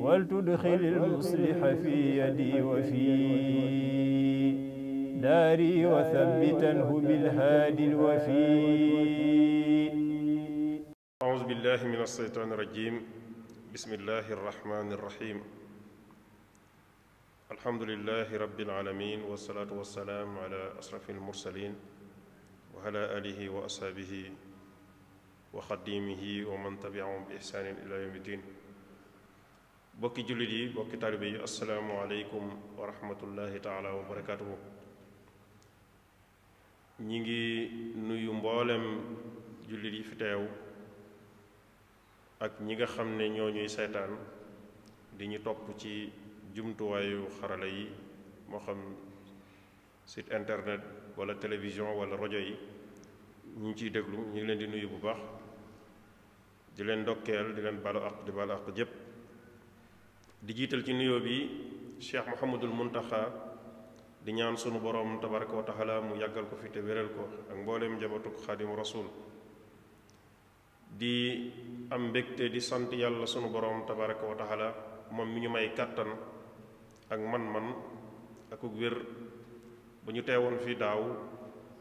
ولتدخل المصلح في يدي وفي داري وثبتنه بالهادي الوفي أعوذ بالله من الشيطان الرجيم بسم الله الرحمن الرحيم الحمد لله رب العالمين والصلاة والسلام على أشرف المرسلين وعلى آله وأصحابه وخديمه ومن تبعهم بإحسان إلى يوم الدين bokki jullit yi bokki taalibe yi asalaamualeykum wa rahmatullahi taala wa barakaatuhu ñi ngi nuyu mboolem jullit yi fi teew ak ñi nga xam ne ñoo ñuy seetaan di ñu topp ci jumtuwaayu xarala yi moo xam site internet wala télévision wala rajo yi ñu ngi ciy déglu ñu ngi leen di nuyu bu baax di leen ndokkeel di leen balu ak di balu ak jëpp di jiital ci nuyoo bi cheikh Mouhamadul Muntaxa di ñaan sunu boroom tabaraka wa mu yàggal ko fi te wéral ko ak mbooleem njabatuk xaadimu rasul di am mbégte di sant yàlla sunu boroom tabaraka wa moom mi ñu may kàttan ak man-man ak wér ba ñu teewoon fii daaw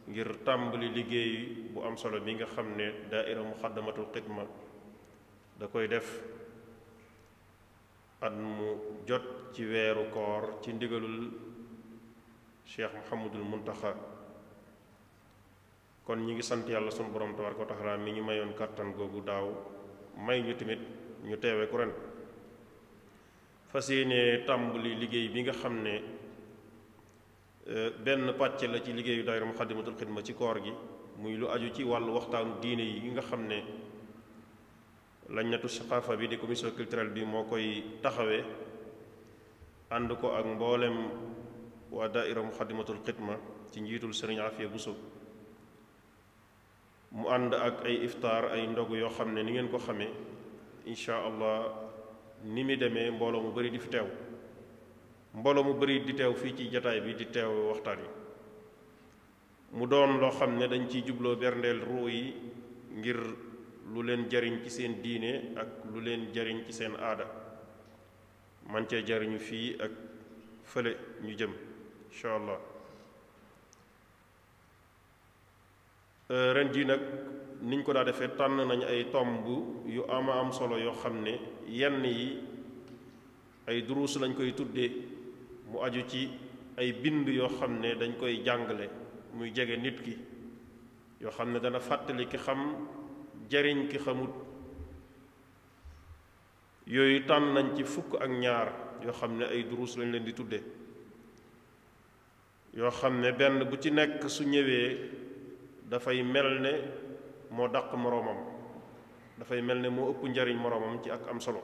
ngir tàmbali liggéey bu am solo bi nga xam ne mu daaira muxaddamatul xidma da koy def at mu jot ci weeru koor ci ndigalul cheikh muhammadul muntaxa kon ñi ngi sant yàlla sunu borom tabaraka wa taala mi ngi mayoon kàttan googu daaw may ñu tamit ñu teewe ku ren fas yéene tàmbali liggéey bi nga xam ne e, benn pàcc la ci liggéeyu daayira muxaddamatul xidma ci koor gi muy lu aju ci wàllu waxtaanu diine yi nga xam ne lañ lañnatu saqaafa bi di commission culturelle bi moo koy taxawee ànd ko ak mboolem waa daaira muxaddimatul ma ci njiitul sëriñ Afia Bousso mu ànd ak ay iftaar ay ndog yoo xam ne ni ngeen ko xamee incha allah ni mu demee mbooloo mu bari di fi teew mbooloo mu bari di teew fii ci jataay bi di teew waxtaan yi mu doon loo xam ne dañ ciy jubloo berndeel ruu yi ngir lu leen jariñ ci seen diine ak lu leen jariñ ci seen aada man cee jariñu fii ak fële ñu jëm incha euh, ren jii nag niñ ko daa defee tànn nañ ay tomb yu am a am solo yoo xam ne yenn yi ay duruus lañ koy tuddee mu aju ci ay bind yoo xam ne dañ koy jàngale muy jege nit ki yoo xam ne dana fàttali ki xam jariñ ki xamut yooyu tànn nañ ci fukk ak ñaar yoo xam ne ay duruus lañ leen di tudde yoo xam ne benn bu ci nekk su ñëwee dafay mel ne moo dàq moroomam dafay mel ne moo ëpp njariñ moroomam ci ak am solo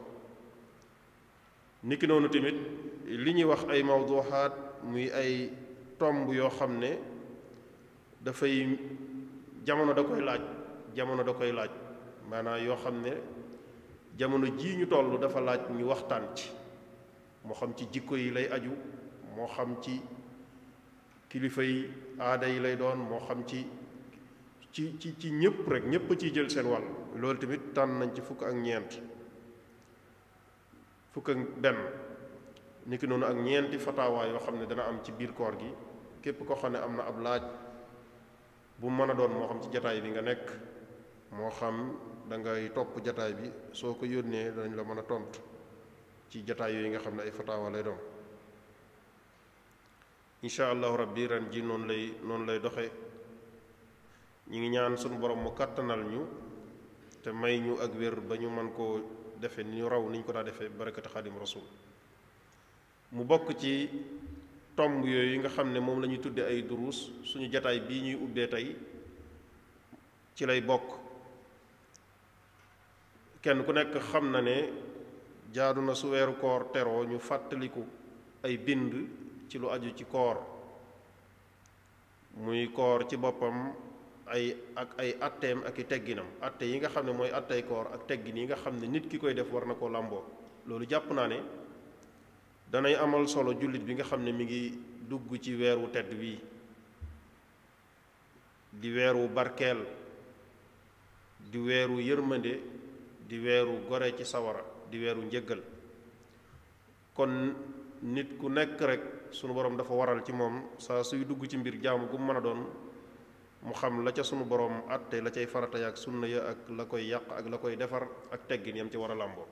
niki noonu tamit li ñuy wax ay mawduxaat muy ay tomb yoo xam ne dafay jamono da koy laaj jamono da koy laaj maanaam yoo xam ne jamono jii ñu toll dafa laaj ñu waxtaan ci moo xam ci jikko yi lay aju moo xam ci kilifa yi aada yi lay doon moo xam ci ci ci ci ñëpp rek ñëpp ciy jël seen wàll loolu tamit tànn nañ ci fukk ak ñeent fukk ak benn noonu ak ñeenti fatawaa yoo xam ne dana am ci biir koor gi képp koo xam ne am na ab laaj bu mën a doon moo xam ci jataay bi nga nekk moo xam dangay ngay topp jataay bi soo ko yónnee danañ la mën a tontu ci jataay yooyu nga xam ne ay fataawa lay doon incha allahu rabbi ren ji noonu lay noonu lay doxe ñi ngi ñaan sunu borom mu kàttanal ñu te may ñu ak wér ba ñu mën koo defe ni ñu raw ni ñu ko daa defee barakati xaadim rasul mu bokk ci tomb yooyu nga xam ne moom la ñuy tudde ay duruus suñu jataay bii ñuy ubbee tey ci lay bokk kenn ku nekk xam na ne jaaru na su weeru koor teroo ñu fàttaliku ay bind ci lu aju ci koor muy koor ci boppam ay ak ay atteem ak i tegginam atte yi nga xam ne mooy attey koor ak teggin yi nga xam ne nit ki koy def war na koo làmboo loolu jàpp naa ne danay amal solo jullit bi nga xam ne mu ngi dugg ci weer wu tedd wi di weer wu barkeel di weer wu yërmande di weeru gore ci sawara di weeru njëggal kon nit ku nekk rek sunu borom dafa waral ci moom sa suy dugg ci mbir jaamu gu mu mën a doon mu xam la ca sunu boroom àtte la cay farata ya ak sunna ya ak la koy yàq ak la koy defar ak teggin yam ci war a làmboo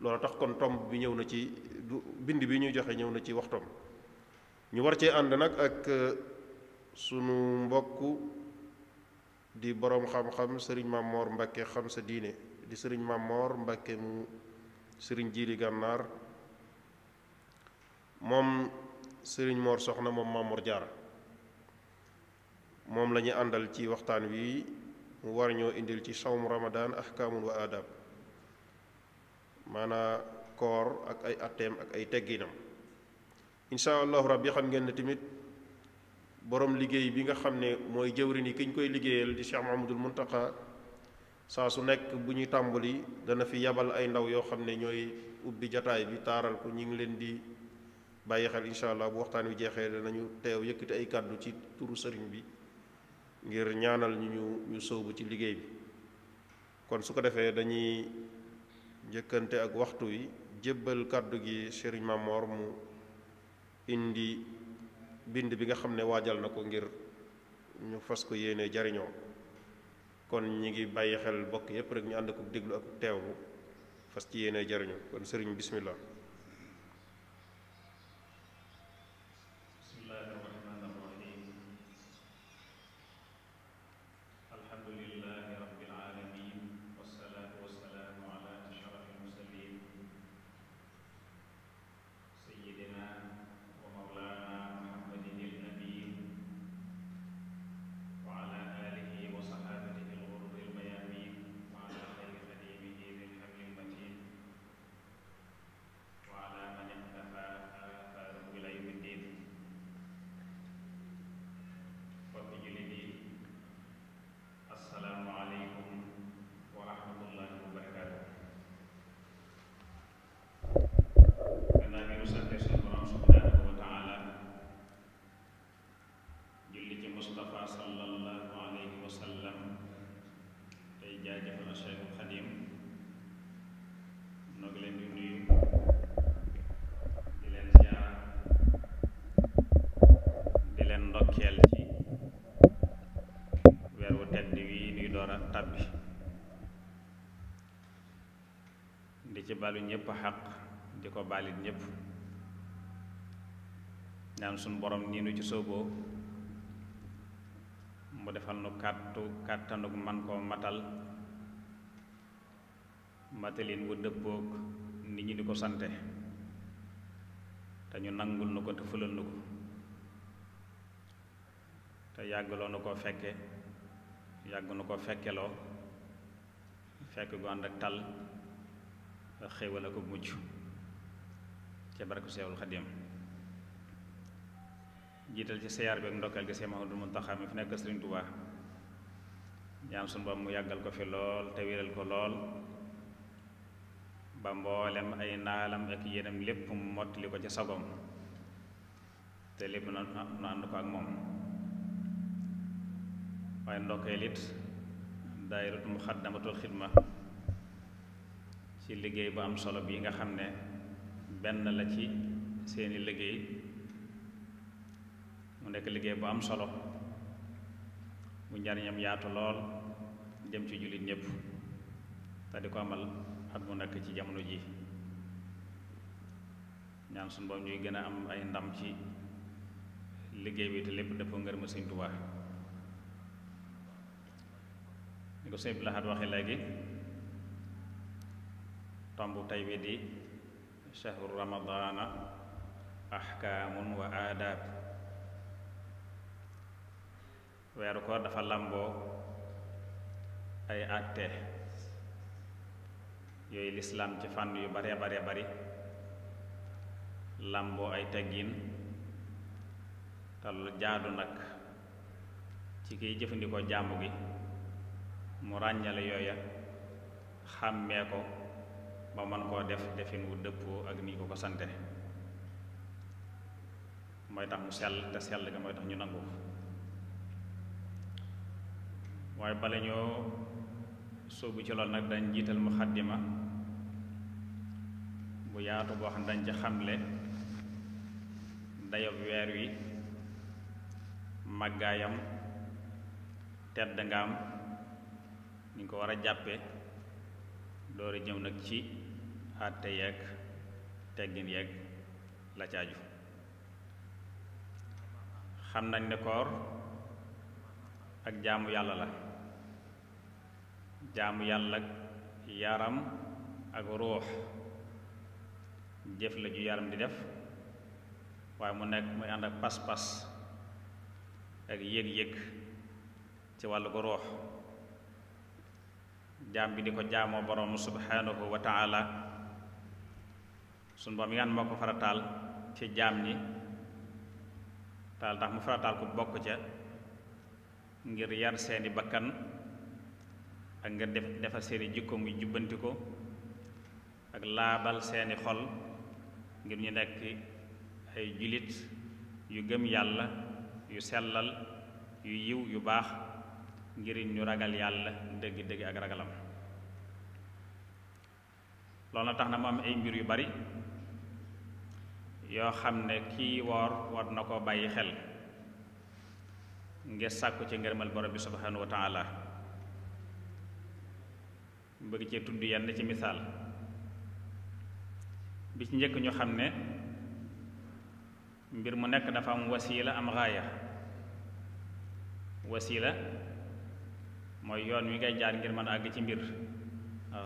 loolu tax kon tomb bi ñëw na ci bind bi ñuy joxe ñëw na ci waxtoom ñu war cee ànd nag ak euh, sunu mbokk di boroom xam-xam sëriñ Maam Mbakke xam sa diine di sëriñ Mamor Mbàkke mu sëriñ jiiri Gànnaar moom sëriñ Mor Soxna moom Mamor Jaara moom la àndal ci waxtaan wi mu war ñoo indil ci sawmu ramadaan ahkaamun wa adab maanaa koor ak ay atteem ak ay teggiinam incha allahu rabbi xam ngeen ne tamit borom liggéey bi nga xam ne mooy jëwriñ yi ki ñu koy liggéeyal di Cheikh Mahamadul Muntaqa saa su nekk bu ñuy tàmbali dana fi yabal ay ndaw yoo xam ne ñooy ubbi jataay bi taaral ko ñu ngi leen di bàyyi xel incha allah bu waxtaan wi jeexee danañu teew yëkkati ay kàddu ci turu sëriñ bi ngir ñaanal ñu ñu ñu sóobu ci liggéey bi kon su ko defee dañuy njëkkante ak waxtu wi jébbal kàddu gi sëriñ Mamor mu indi bind bi nga xam ne waajal na ko ngir ñu fas ko yéene jariñoo kon ñi ngi bàyyi xel bokk yépp rek ñu ànd ko déglu ak teewlu fas ci yéene jariñu kon sëriñ bismillah na Cheikhul Xadim noo leen di nuyu di leen ziar di leen ndokkeel ci weer wu tedd wii nuy door a tàbbi di ci balu ñëpp xaq di ko balit ñépp ñaan suñ borom nii nu ci sooboo mu defal nu kàttu kàttanug man koo matal matalin wu dëppoog nit ñi di ko sante te ñu nangul nu ko te fulal nu ko te yàggaloo nu koo fekke yàgg nu ko fekkeloo fekk gu ànd ak tal ak xéewal ak mucc ca barke Seexul Xadiim jiital ci siyaar bi ak ndokkeel gi Seex Mahmadul Muntaxa mi fi nekk Sëriñ Tuubaa ñaan sunu Boroom mu yàggal ko fi lool te wéral ko lool ba mboolem ay naalam ak yéenam lépp mu mottali ko ci sagoom te lépp na nu ànd ko ak moom waaye ndokkeel it daayiratu muxaddamatul xidma ci liggéey bu am solo bi nga xam ne benn la ci seeni liggéey mu nekk liggéey bu am solo bu njariñam yaatu lool jëm ci jullit ñëpp te di ko amal at mu nag ci jamono ji ñaan suñu boom ñuy gën a am ay ndam ci liggéey bi te lépp dafa ngër ma Sëñ Tuubaa ni ko sëñ bi laxaat waxe léegi tomb tey bi di shahru ramadaana ahkaamun wa aadaab weeru ko dafa làmboo ay àtte yooyu lislaam ci fànn yu baree baree bari làmboo ay teggin te jaadu nag ci kiy jëfandikoo jàmb gi mu ràññale yooya xàmmee ko ba mën koo def defin wu dëppoo ak ni ko ko sante mooy tax mu sell te sell ga mooy tax ñu nangu waaye bala ñoo soobu ci lool nag dañ jiital muxaddima bu yaatu boo xam dañ ci xamle dayob weer wi màggaayam tedd ngaam ni ko war a jàppe door jëw jëm nag ci àtte yeeg teggin yeeg la caaju xam nañ ne koor ak jaamu yàlla la jaamu yàlla ak yaram ak ruux jëf la ju yaram di def waaye mu nekk muy ànd ak pas-pas ak yëg-yëg ci wàllu ko ruux jaam bi di ko jaamoo boroomu subhanahu wa taala suñu borom yi nga moo ko farataal ci jaam ñi taal tax mu farataal ko bokk ca ngir yar seeni bakkan ak nga def defar seeni jikko muy jubbanti ak laabal seeni xol ngir ñu nekk ay jullit yu gëm yàlla yu sellal yu yiw yu baax ngir ñu ragal yàlla dëgg dëgg ak ragalam loolu na tax na mu am ay mbir yu bari yoo xam ne kii woor war na ko bàyyi xel ngir sàkku ci ngërmal borom bi subhanahu wa la bëgg cee tudd yenn ci misaal bi ci njëkk ñu xam ne mbir mu nekk dafa am wasiila am raaya wasiila mooy yoon wi ngay jaar ngir mën a àgg ci mbir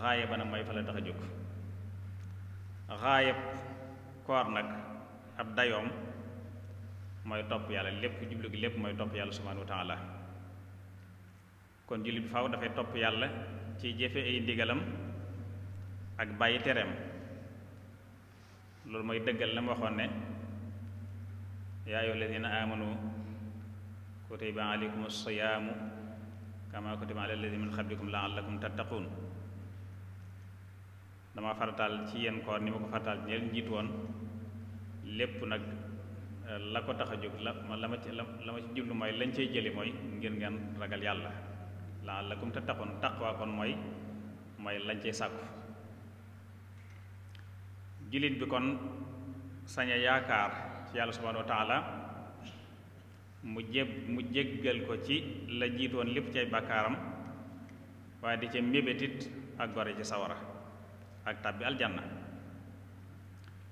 raaya ba nag mooy fa la tax a jóg raaya koor nag ab dayoom mooy topp yàlla lépp jublu gi lépp mooy topp yàlla subhanahu wa taala kon jullit bi faaw dafay topp yàlla ci jëfe ay ndigalam ak bàyyi tereem loolu mooy dëggal la mu waxoon ne yaa ayyuha alladina amanu kutiba alaykum la siyaamu kama kutiba ala alladina min qablikum laallakum tattaquun dama farataal ci yenn koor ni ma ko farataal ci njiit woon lépp nag la ko tax a jóg la ma la ma ci la ma ci jublu mooy lañ cay jëli mooy ngir ngeen ragal yàlla la'allakum tattaqun taqwa kon mooy mooy lañ cey sàkku jullit bi kon sañ a yaakaar ci yàlla subhanahu wa mu jéb mu jéggal ko ci la jiitoon lépp cay bàkkaaram waaye di ca mébétit ak gore ci sawara ak tàbbi aljanna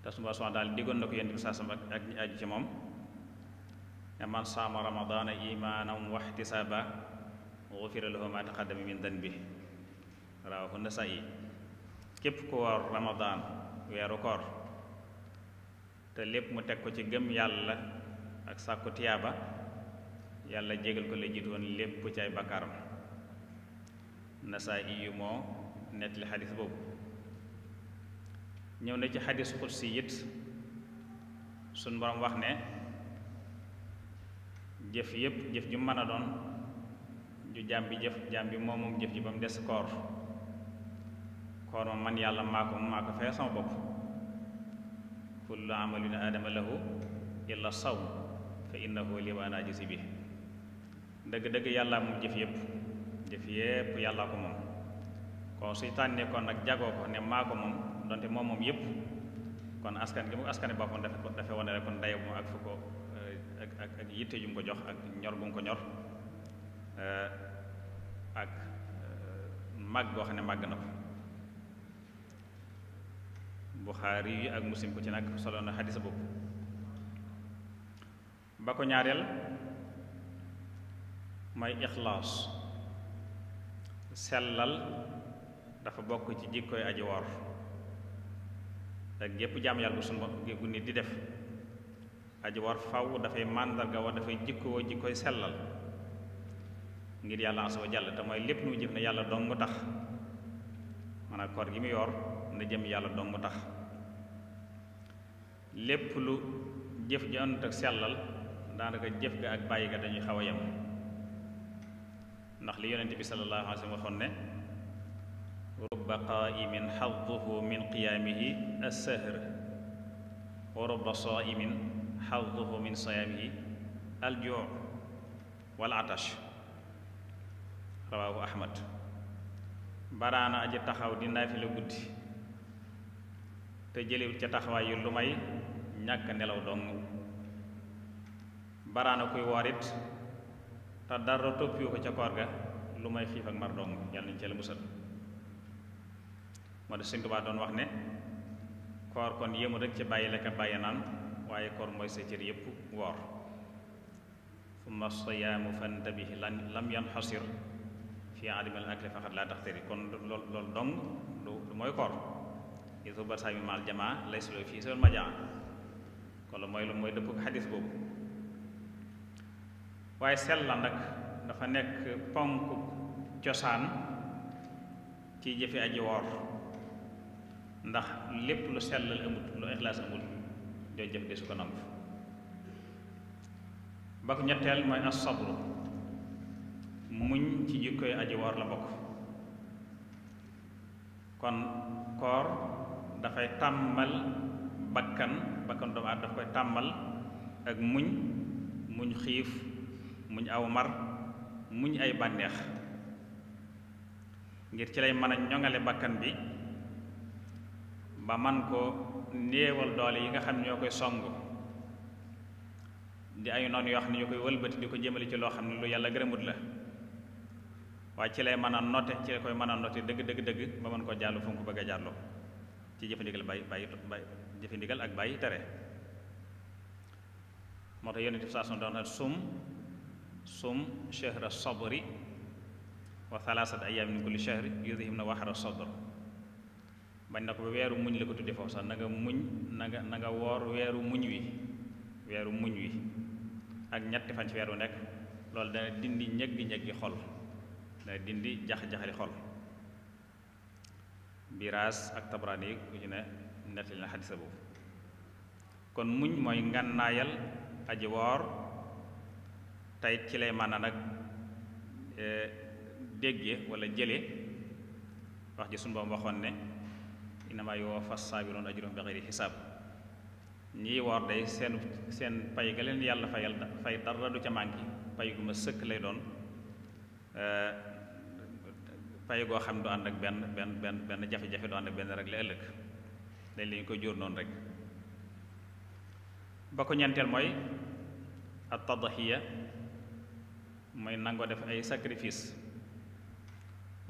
te su ma daal diggoon na ko yonent bi saa sama ak ñi ci moom ne man saama ramadaana imaanan wa ihtisaaba wa xufira lahu ma taqaddama min danbihi rawaahu Nasaa'i képp ku woor Ramadan weeru koor te lépp mu teg ko ci gëm yàlla ak sàkku tiyaaba yàlla jégal ko la jiitu woon lépp ci ay bakkaaram Nasaa'i yu moo nettali xadis boobu ñëw na ci xadis xudsi it suñ boroom wax ne jëf yépp jëf ju mën a doon ju jaam bi jëf jaam bi moom moom jëf ji ba mu des koor koor ma man yàlla maa ko maa ko fee sama bopp kullu amalin aadama lahu illa saw fa innahu li bi dëgg-dëgg yàlla moom jëf yépp jëf yépp yàlla ko moom kon suy tànnee kon nag jagoo ko ne maa ko moom donte moom moom yépp kon askan gi mu askane boppam dafa dafa wane rek kon daye moom ak fu ko ak ak yitte ju mu ko jox ak ñor bu mu ko ñor Eh, ak eh, màgg goo xam ne màgg na ko buxaari yi ak muslim ko ci nag solo na xadisa boobu ba ko ñaareel may ixlaas sellal dafa bokk ci jikkoy aji woor ak gépp jaam yàlla bu sunu gu di def aji woor faw dafay màndarga wa dafay jikkoo jikkoy sellal ngir yàlla asa wa jàll te mooy lépp lu mu jëf ne yàlla dong tax maanaam koor gi mu yor na jëm yàlla dong tax lépp lu jëf ji ànd ak sellal daanaka jëf ga ak bàyyi ga dañuy xaw a yem ndax li yonent bi sallallahu alayhi wa sallam waxoon ne rubba qaa'imin min qiyaamihi as-sahr wa rubba saa'imin xadduhu min siyaamihi al-juu' wal-'atash rawaahu ahmad baraana aji taxaw di naafila guddi te jëliwut ca taxawaay yu lu may ñàkk nelaw dong baraana kuy woorit te dara toppiwu ko ca koor ga lu may xiif ak mar dong yàlla nañu ci la musal moo de Sëñ doon wax ne koor kon yéemu rek ci bàyyi lekk bàyyi naan waaye koor mooy sa cër yépp woor summa siyaamu fantabihi lam yanxasir fii adimal akli faqat laa taxtari kon loolu loolu dong lu mooy koor isu barsa mi maal jamaa lay suloo fii sol majaa kon la mooy lu mooy dëpp xadis boobu waaye sell la nag dafa nekk ponk cosaan ci jëfe aji woor ndax lépp lu sellal amut lu ixlaas amut doo jëf de su ko nangu ba ko ñetteel mooy as sabru muñ ci jikkoy aji woor la bokk kon koor dafay tàmmal bakkan bakkan doomu aadama daf koy tàmmal ak muñ muñ xiif muñ aw mar muñ ay bànneex ngir ci lay mën a ñoŋale bakkan bi ba man ko néewal doole yi nga xam ñoo koy song di ay noonu yoo xam ne ñu koy wëlbati di ko jëmale ci loo xam ne lu yàlla gërëmut la waaye ci lay mën a note ci la koy mën a note dëgg dëgg dëgg ba mën koo jàll fu mu ko bëgg a jàlloo ci jëfandigal bàyyi bàyyi jëfandigal ak bàyyi tere moo tax yonent bi saa son doon sum sum chehra sabri wa thalasat ayaamin min kulli chahri yudhim na waxara sadr bañ na ko ba weeru muñ la ko tudde foofu sax nanga nga muñ na nanga woor weeru muñ wi weeru muñ wi ak ñetti fan ci weer wu nekk loolu dana dindi ñëggi ñëggi xol day dindi jax xol biraas ak tabraani ku ci ne nettali na xadisa boobu kon muñ mooy ngànnaayal aji woor tey ci lay mën a nag e, dégge wala jële wax ji sunu Boroom waxoon ne fas yuwaffas saabiruuna ajrahum bi xayri xisaab ñiy woor day seen seen pay ga leen yàlla fayal fay dara du ca mànki pay gu sëkk lay doon e, pay goo xam ne du ànd ak benn benn benn benn jafe-jafe du ànd ak benn rek la ëllëg dañ lañu ko jur noonu rek ba ko ñeenteel mooy at tadhiya mooy nangoo def ay sacrifice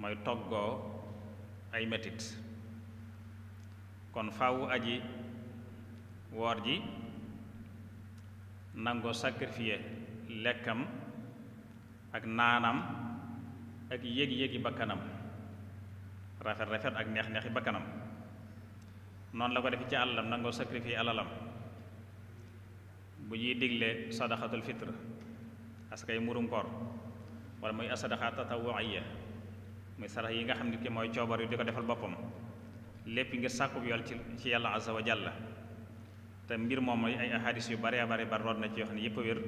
mooy toggoo ay metit kon faaw aji woor ji nangoo sacrifier lekkam ak naanam ak yéeg-yéegi bakkanam rafet-rafet ak neex-neexi bakkanam noonu la ko def ci àlalam nangoo sacrifice alalam bu ñuy digle sadaxatul fitre askay murum koor wala muy asadaxa tatawuiya muy sarax yi nga xam ne ki mooy coobar yu di ko defal boppam léppi ngir sàkkub yool ci ci yàlla azza wa jalla te mbir moom ay ahadis yu bare bare bar root na ci yoo xam ne yëpp wér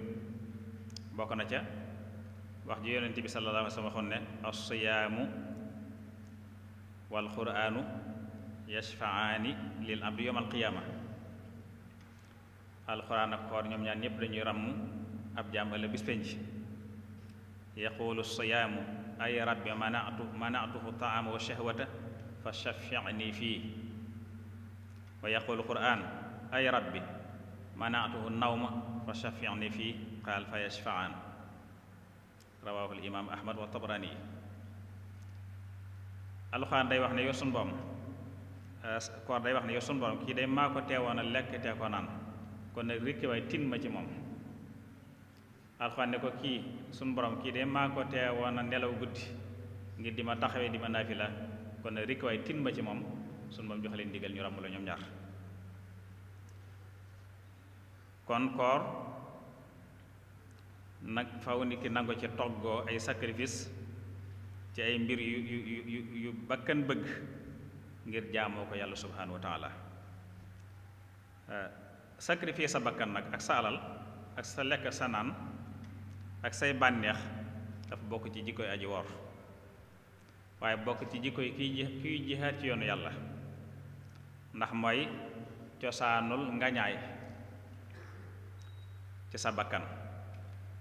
bokk na ca wax ji yonent bi sallallahu alayhi wa sallam waxoon ne as-siyaamu wal quraanu yashfa'aani lil abdi yawmal qiyaama alxuraan ak koor ñoom ñaar ñépp dañuy ràmm ab jaam ëllëg bis penc yaqulu siyaamu ay rabbi manatu manatuhu taama wa shahwata fa shafi'ni fii wa yaqulu quraan ay rabbi manatuhu nawma fa shafi'ni fii qaal fa yashfa'aan rawaahu alimaam ahmad wa tabrani yi alxuraan day wax ne yow sun borom euh, koor day wax ne yow sun borom kii day maa ko teewoon a lekk tee ko naan kon nag rikki tin ma ci moom alxuraan ne ko kii sun borom kii day maa ko teewoon guddi ngir di ma taxawee di ma naafila kon nag rikki ma ci moom sun jox leen ndigal ñu ràmm la ñoom ñaar kon koor nag faw nit ki nangu ci toggoo ay sacrifice ci ay mbir yu yu yu yu bakkan bëgg ngir jaamoo ko yàlla subhanahu wa taala eh, sacrifice sa bakkan nag ak sa alal ak sa lekk sa naan ak say bànneex dafa bokk ci jikko aji woor waaye bokk ci jikko kiy kiy ci yoonu yàlla ndax mooy cosaanul ngañaay ci sa bakkan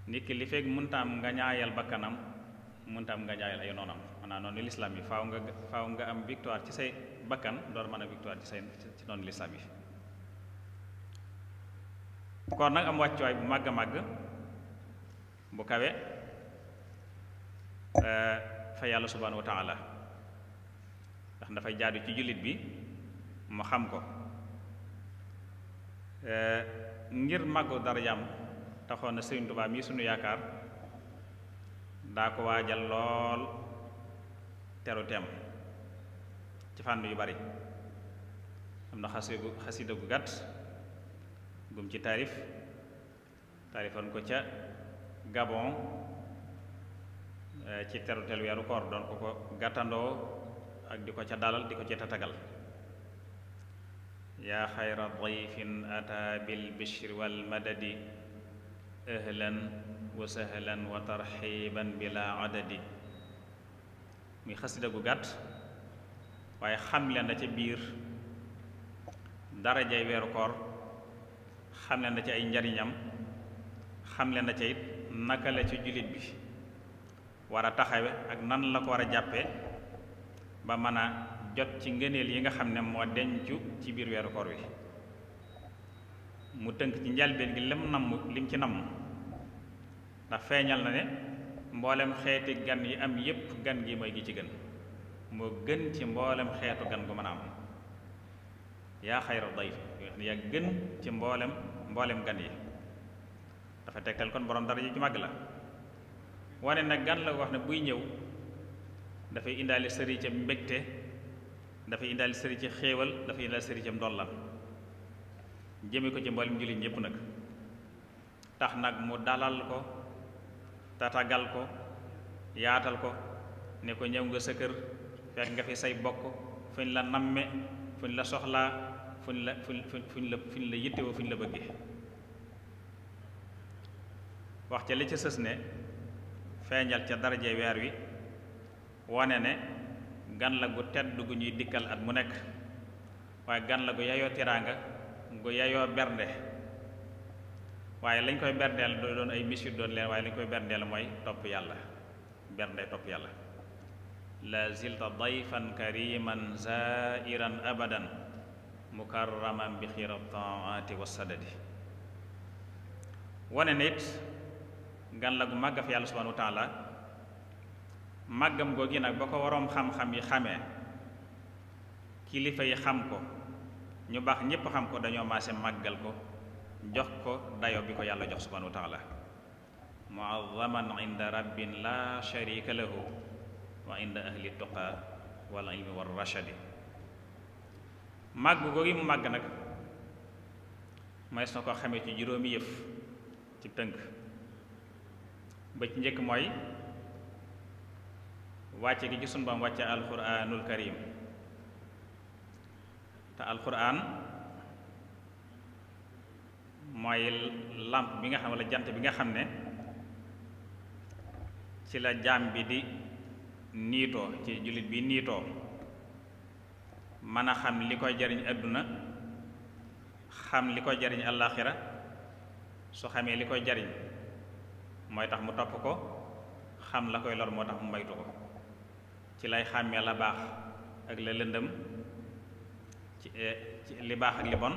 nit li fekk mënta am nga ñaayal bakkanam mënta am nga ñaayal ay noonam maanaam noonu lislaam yi faaw nga faw nga am victoire ci say bakkan door mën a victoire ci say ci noonu lislaam yi kon nag am wàccuwaay bu màgg a màgg bu kawe eh, fa yàlla subhanahu wa taala ndax dafay jaadu ci jullit bi mu xam ko eh, ngir màggu dara jàmm taxoon na Sëriñ tubaab mii sunu yaakaar daa ko waajal lool teru ci fànn yu bari am na xasigu xasida gu gàtt gum ci taarif taarifoon ko ca Gabon eh, ci terutel weeru koor doon ko ko gàttandoo ak di ko ca dalal di ko ca tatagal yaa xayra dayfin bil bishri wal madadi ahlan wa sahlan wa tarxiban bila adadi muy xasida gu gàtt waaye xamle na ca biir darajay weeru koor xamle na ci ay njariñam xamle na ca it naka la ci jullit bi war a taxawe ak nan la ko war a jàppe ba mën a jot ci ngëneel yi nga xam ne moo dencu ci biir weeru koor wi mu tënk ci njalbeen gi lim namm lim ci namm ndax feeñal na ne mboolem xeeti gan yi am yépp gan gi mooy gi ci gën moo gën ci mboolem xeetu gan gu mën a am yaa xayra dayf yaa gën ci mboolem mboolem gan yi dafa tegtal kon borom dara yi ci la wane nag gan la wax ne buy ñëw dafay indaale sëri ca mbégte dafay indaale sëri ca xéewal dafay indaale sëri ca ndollam jëme ko ci mboolem jullit ñépp nag tax nag mu dalal ko tatagal ko yaatal ko ne ko ñëw nga sa kër fekk nga fi say bokk fuñ la namme fuñ la soxlaa fuñ la fuñ fuñ la fuñ la yittewoo fuñ la bëggee wax ca li ca sës ne feeñal ca daraje weer wi wane ne gan la gu tedd gu ñuy dikkal at mu nekk waaye gan la gu yayoo tiraanga gu yayoo bernde waaye lañ koy berdeel do doon ay misir doon leen waaye lañ koy berdeel mooy topp yàlla bernde topp yàlla la zilta dayfan kariman zairan abadan mukarraman bi xiira taati wa sadadi wane nit gan la gu màgg fi yàlla subhanahu wa taala màggam googi nag ba ko waroom xam-xam yi xamee kilifa yi xam ko ñu baax ñépp xam ko dañoo maase màggal ko jox ko dayo bi ko yàlla jox subhanahu wa taala muazzaman inda rabbin la sharika lahu wa inda ahli tuqa wal ilmi war rashadi màgg googi mu màgg nag may soo ko xamee ci juróomi yëf ci tënk ba njëkk mooy wàcce gi ci sun bam wàcce alquranul karim te alquran mooy làmp bi nga xam wala jant bi nga xam ne ci la jaam bi di niitoo ci jullit bi niitoo mën a xam li koy jariñ àdduna xam li koy jariñ àllaaxira su xamee li koy jariñ mooy tax mu topp ko xam la koy lor moo tax mu moytu ko ci lay xàmmee la baax ak la lëndëm ci eh, li baax ak li bon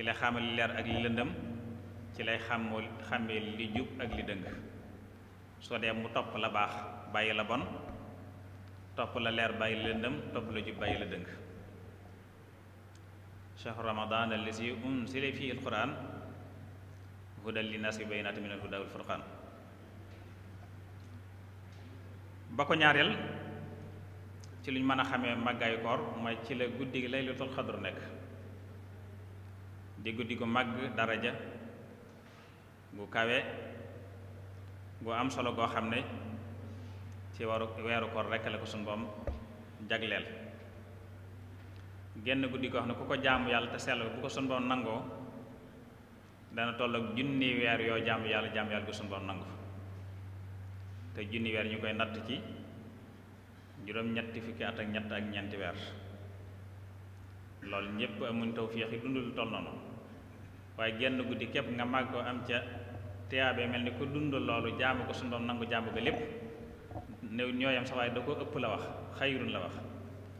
ci lay xamal li leer ak li lëndëm ci lay xàmmoo xàmmee li jub ak li dëng soo dee mu topp la baax bàyyi la bon topp la leer bàyyi lëndëm topp la jub bàyyi la dëng shahru ramadan allazi unzila fihi alquran hudan linnaasi bayyinatin minal hudaa wal furqaan ba ko ñaareel ci luñ mën a xamee màggaayu koor mooy ci la guddi gi laylatul xadr nekk di guddi gu màgg daraja gu kawe gu am solo goo xam ne ci waru weeru koor rekk la ko suñu boom jagleel genn guddi goo xam ne ku ko jaamu yàlla te sell bu ko suñu nangoo dana toll ak junni weer yoo jaamu yàlla jaamu yàlla gu suñu nangu te junni weer ñu koy natt ci juróom-ñetti fukki at ak ñett ak ñeenti weer loolu ñëpp amuñ tawféex yi dundul toll noonu waaye genn guddi képp nga màgg ko am ca tiyaabe mel ni ko dund loolu jaamu ko sundoom nangu jaamu ko lépp new ñooyam sax waaye da ko ëpp la wax xayrun la wax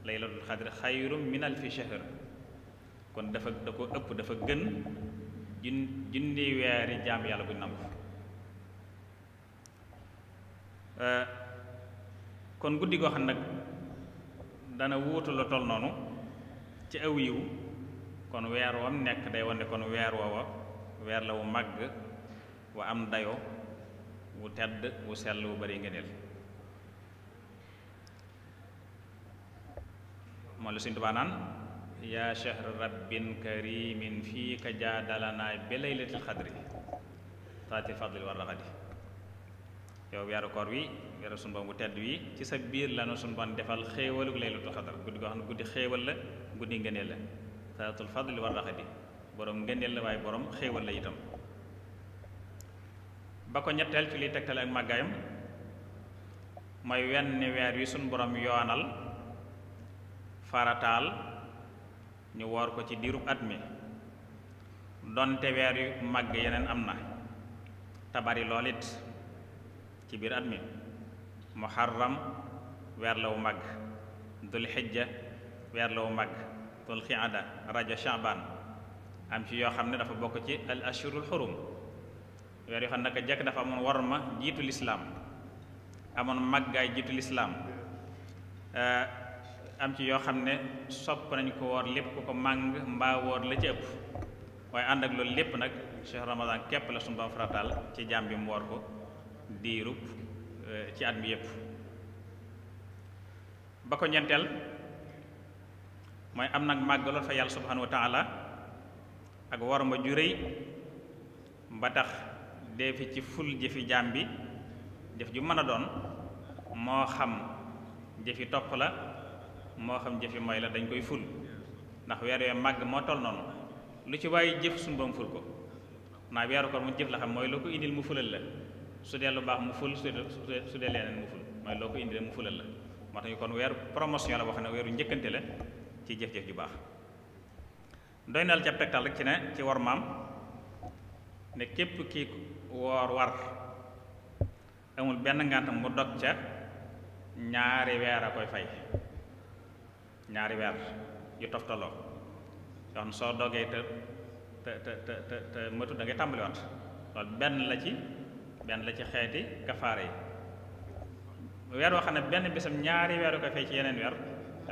laylatul xadr xayrun min alfi kon dafa da dafa gën jun junni weeri jaamu yàlla bu nangu euh, kon guddi goo xam nag dana wuutu la tol noonu ci aw yiw kon weer wam nekk day wane kon weer woowa weer la wu màgg wu am dayo wu tedd wu sell wu bari ngëneel moo la Sëñ Tuubaa naan yaa shahr rabbin karimin fii ka jaadalanaa bi laylatil xadri taatil fadli war raxadi yow weeru koor wi weeru sunu Boroom bu tedd wi ci sa biir lanu sunu Boroom defal xéewaluk laylatul xadr guddi goo xam ne guddi xéewal la guddi ngëneel la saatul fadli war raxati borom ngëneel la waaye xéewal la itam ba ko ñetteel ci liy tegtale ak màggaayam mooy wenn weer wi suñ borom yoonal farataal ñu woor ko ci diirub at mi donte weer yu màgg yeneen am na tabari lool it ci biir at mi muharram weer la wu màgg dul xijja weer la wu màgg wal xiada raja chaban am ci yoo xam ne dafa bokk ci al ashurul xurum weer yoo xam naka jekk dafa amoon war ma jiitu lislaam amoon màggaay jiitu lislaam eh, am ci yoo xam ne sopp nañ ko woor lépp ku ko màng mbaa woor la ci ëpp waaye ànd ak loolu lépp nag cheikh ramadan képp la suñu farataal ci jaam bi mu woor ko diirub eh, ci at mi yépp ba ko ñeenteel mooy am nag màggaloon fa yàlla subhanahu wa taala ak warma ju rëy ba tax deefi ci ful jëfi jaam bi jëf ju mën a doon moo xam jëfi topp la moo xam jëfi mooy la dañ koy ful ndax weer we màgg moo toll noonu lu ci waaye jëf suñu ba ful ko naa weeru kon mu jëf la xam mooy loo ko indil mu fulal la su dee baax mu ful su dee leneen mu indil mu fulal moo tax ñu kon weer promotion la boo ne weeru njëkkante la ci jëf-jëf ju baax doy nal ca tegtal rek ci ne ci war maam ne képp ki woor war amul benn ngantam mu dog ca ñaari weer a koy fay ñaari weer yu toftaloo yoo xam soo dogee te te te te te mëtu da loolu benn la ci benn la ci xeeti kafaare yi weer woo xam ne benn bisam ñaari weer a koy fay ci yeneen weer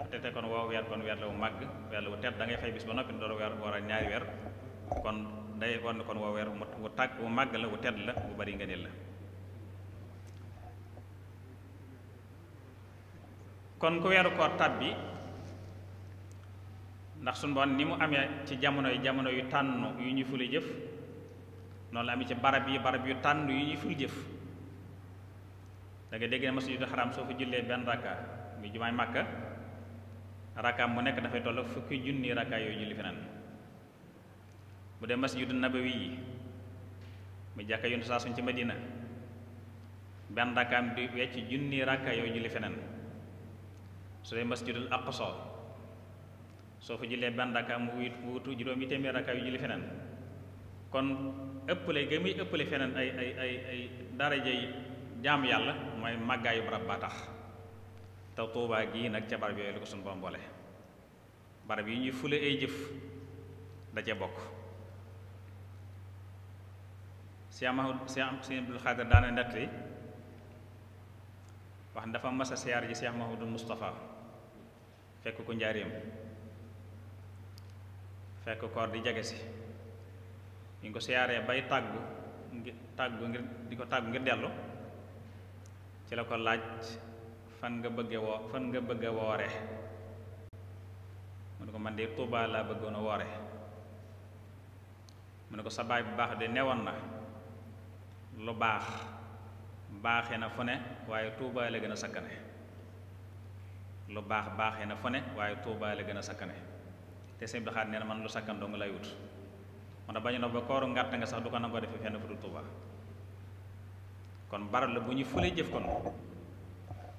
te te kon woo weer kon weer la wu màgg weer la wu tedd da ngay fay bis ba noppi door weer war a ñaari weer kon day war ne kon woo weer wu tàgg wu màgg la wu tedd la wu bari ngëneel la kon ku weeru koor tàbbi ndax suñu bon ni mu amee ci jamono yi jamono yu tànn yu ñuy fuli jëf noonu la amee ci barab yi barab yu tànn yu ñuy fuli jëf da nga dégg ne masjidu xaram soo fa jullee benn rakka muy jumaay màkka rakaam bu nekk dafay toll fukki junni rakaay yooyu julli fanaan bu dee masjidu nabawi yi mu jàkka yontu saa ci madina benn rakaam bi wecc junni rakaay yooyu julli fanaan su dee masjidul aqsa soo fa jullee benn rakaam mu wuutu juróomi téeméer rakaay yu julli feneen kon ëppale ga muy ëppale feneen ay ay ay ay darajay jaam yàlla mooy màggaayu barab baa tax te tuubaa gii nag ca barab yooyu la ko suñu borom barab yi ñuy fule ay jëf da ca bokk Cheikh Mahmoud Cheikh Abdul Xaadir daana dafa mas a siyaar ji fekk ko njaareem fekk koor di jage si ñu ngi ko siyaaree bay tàggu ngir tàggu ngir di ko tàggu ngir dellu ci la ko laaj fan nga bëgge woo fan nga bëgg woore mu ne ko man de Tuubaa laa bëggoon a woore mu ne ko sa baay bu baax de newoon na lu baax baaxee na fu ne waaye Tuubaa la gën a sakkane lu baax baaxee na fu waaye Tuubaa la gën a sakkane te sëñ bi xaar nee na man lu sakkandoo dong lay wut moo tax bañu na ba kooru ngàtt nga sax du ko nangoo defe fenn fu dul Tuubaa kon baral la bu ñu fulee jëf kon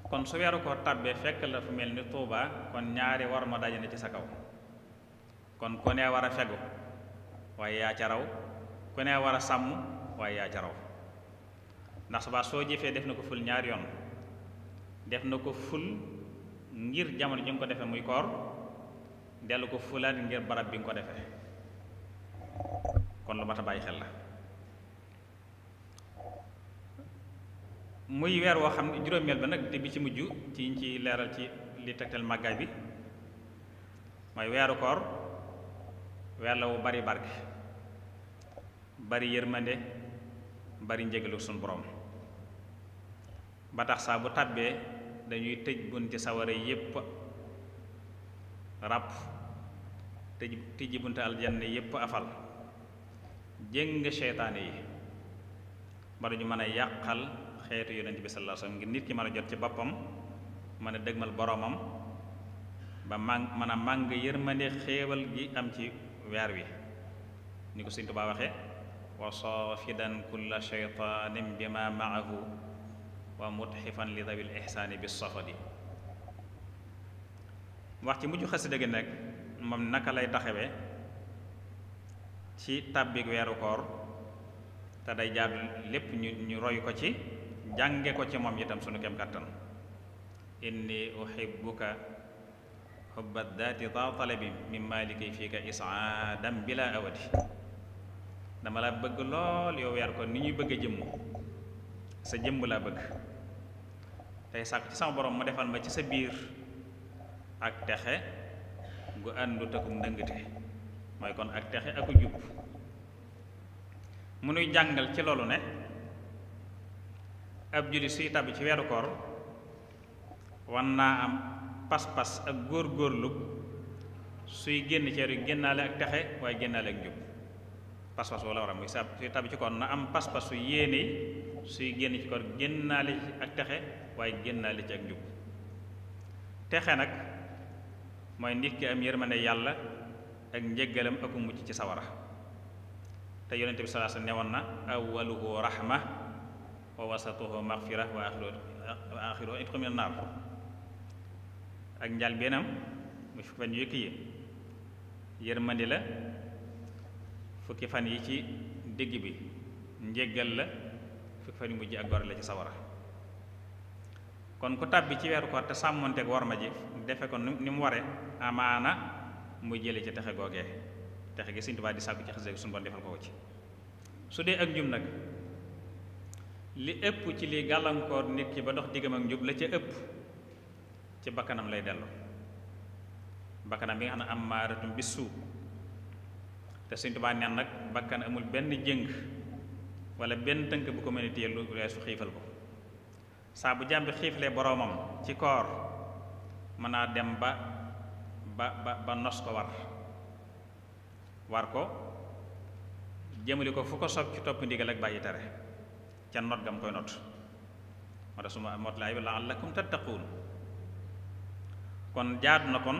kon su weeru ko tàbbee fekk la fu mel ni Tuuba kon ñaari war ma daje na ci sa kaw kon ku nee war a fegu waaye yaa ca raw ku nee war a sàmm waaye yaa ca raw ndax subaa soo jëfee def na ko ful ñaari yoon def na ko ful ngir jamono ji nga ko defee muy koor dellu ko fulaat ngir barab bi nga ko defee kon lu mat a bàyyi xel la muy weer woo xam ne juróomeel ba nag te bi ci mujj ci ci leeral ci li tegtal màggaay bi mooy weeru koor weer la wu bari barke bari yërmande bari njëgalu suñu borom ba tax saa bu tàbbee dañuy tëj bunti sawara yépp ràpp tëj tëjji bunti aljanna yépp afal jëng seytaane yi ba duñu mën a yàqal xeetu yonent bi sallallahu alayhi wasallam ngir nit ki mën a jot ci boppam mën a dëgmal boroomam ba màng mën a màng yërmande xéewal gi am ci weer wi ni ko sint Tuubaa waxe wa saafidan kulla shaytaanin bi ma maahu wa mutxifan li dawil ihsaani bi safadi wax ci mujj xasida gi nag moom naka lay taxawee ci tàbbik weeru koor te day jaab lépp ñu ñu roy ko ci jànge ko ci moom itam sunu kem kàttan inni uhibbuka xubba daati daa talabi min maliki fii ka isaadam bila awadi dama la bëgg lool yow weer ko ni ñuy bëgg a jëmm sa jëmm laa bëgg tey sàkk ci sama borom mu defal ma ci sa biir ak texe gu àndu takum ndëngte mooy kon ak texe aku jub mu nuy jàngal ci loolu ne ab jullit suy tàbbi ci weeru koor wan naa am pas-pas ak góor-góorlu suy génn ceer yu génnaale ak texe waaye génnaale ak njub pas-pas wala war muy sab suy tàbbi ci koor na am pas-pas su suy génn ci koor génnaale ak texe waaye génnaale ci ak njub texe nag mooy nit ki am ne yàlla ak njëggalam ak mucc ci sawara te yonente bi sallallahu alayhi wasallam newoon na awwaluhu rahma wa wasatuhu maxfira wa axiru wa axiru itqun min naar ak njaal benam mu fukki fan yëkk yi yërmandi la fukki fan yi ci digg bi njéggal la fukki fan yu mujj ak gore la ci sawara kon ku tàbbi ci weeru koor te sàmmonteeg war ma ji defe ko ni mu ware amaana muy jële ci texe googee texe gi Sëñ Tuubaa di sàkku ci xasee suñu bon defal ko ci su dee ak njum nag li ëpp ci li gàllankoor nit ki ba dox diggam ak njub la ca ëpp ci bakkanam lay dellu bakkanam bi nga xam ne am maaratum bi suu te Sëñ Tuubaa nag bakkan amul benn jëng walla benn tënk bu ko mën a téye lu weesu xiifal ko saa bu jàmbi xiifalee boroomam ci koor mën naa dem ba ba ba ba nos ko war war ko jëmali ko fu ko sob ci topp ndigal ak bàyyi tere ca not gam koy not moo tax suma mot laay bi la'allakum tattaquun kon jaadu na kon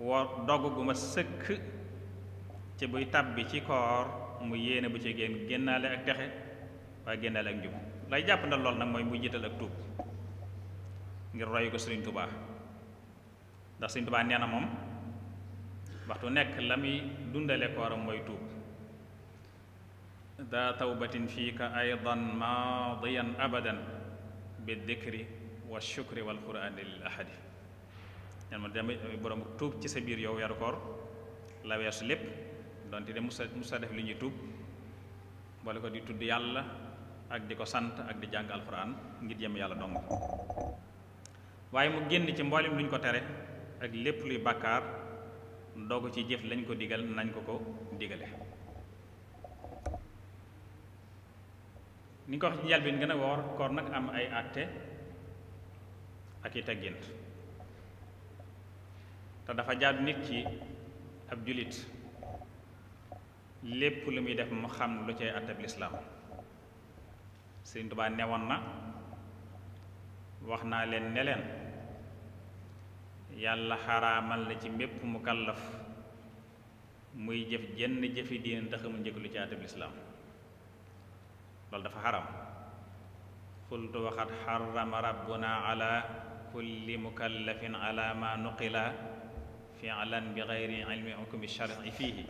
woo dogg gu ma sëkk ci buy tàbbi ci koor mu yéene bu ci génn génnaale ak texe waaye génnaale ak njub lay jàpp na lool nag mooy mu jiital ak tuub ngir royu ko Sëriñ Tubaa ndax Sëriñ Tubaa nee moom waxtu nekk la muy dundale kooram mooy tuub da tawbatin fiika aydan maadiyan abadan bi dikri wa shukri wal quraani lil ahadi ñan ma dem borom tuub ci sa biir yow weeru lawees lépp donte de musa musa def li ñuy tuub boole ko di tudd yàlla ak di ko sant ak di jàng alquran ngir jëm yàlla dong waaye mu génn ci mboolem lu ko tere ak lépp luy bàkkaar dogu ci jëf lañ ko digal nañ ko ko digale ni ko wax ci njëlbéen gën a woor koor nag am ay àtte ak i teggin te dafa jaadu nit ci ab jullit lépp lu muy def mu xam lu cay àttab lislaam Sëriñ Tuubaa newoon na wax naa leen ne yàlla xaraamal na ci mépp mu kallaf muy jëf jenn jëfi diine te xamul njëkk lu ci àttab lislaam loolu dafa xaram xultu waxat xarama rabbuna ala kulli mukallafin ala ma nuqila filan bi geyri ilmi hukmi sharci fiihi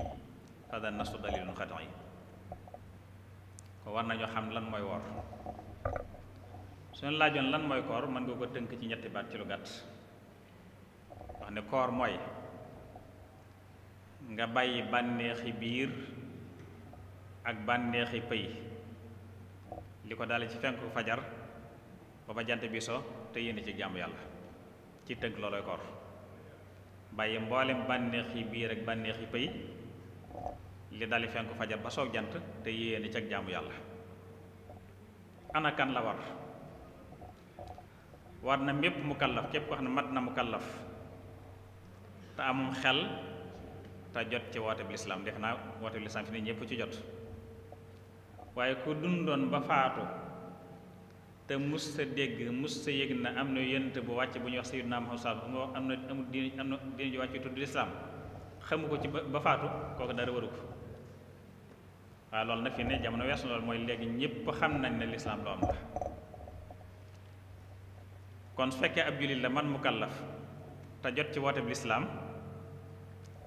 hada nasu dalilun qatci ko war nañoo xam lan mooy woor suñu laajoon lan mooy koor mën nga ko tënk ci ñetti baat ci lu gàtt wax ne koor mooy nga bàyyi bànneexi biir ak bànneexi pëy di ko dale ci fenku fajar ba ba jant bi so te yéene ci jàmm yàlla ci tënk looloy koor bàyyi mboolem bànneex yi biir ak bànneex yi pëy li dali fenku fajar ba soog jant te yéene ci jàmm yàlla ana la war war na mépp mu kallaf képp ko xam ne mat na mu kallaf te amum xel te jot ci woote bi lislaam def naa woote bi lislaam fi ne ñëpp ci jot waaye ku dundoon ba faatu te mus sa dégg mus sa yëg na am na yonent bu wàcc bu ñuy wax sayyidina Muhammad moo am na amul diine am na diine ju wàcc tudd lislaam xamu ko ci ba faatu kooku dara waru ko waaw loolu nag fi ne jamono weesu loolu mooy léegi ñëpp xam nañ ne lislaam loolu la kon su fekkee ab jullit la man mu kallaf te jot ci woote bi lislaam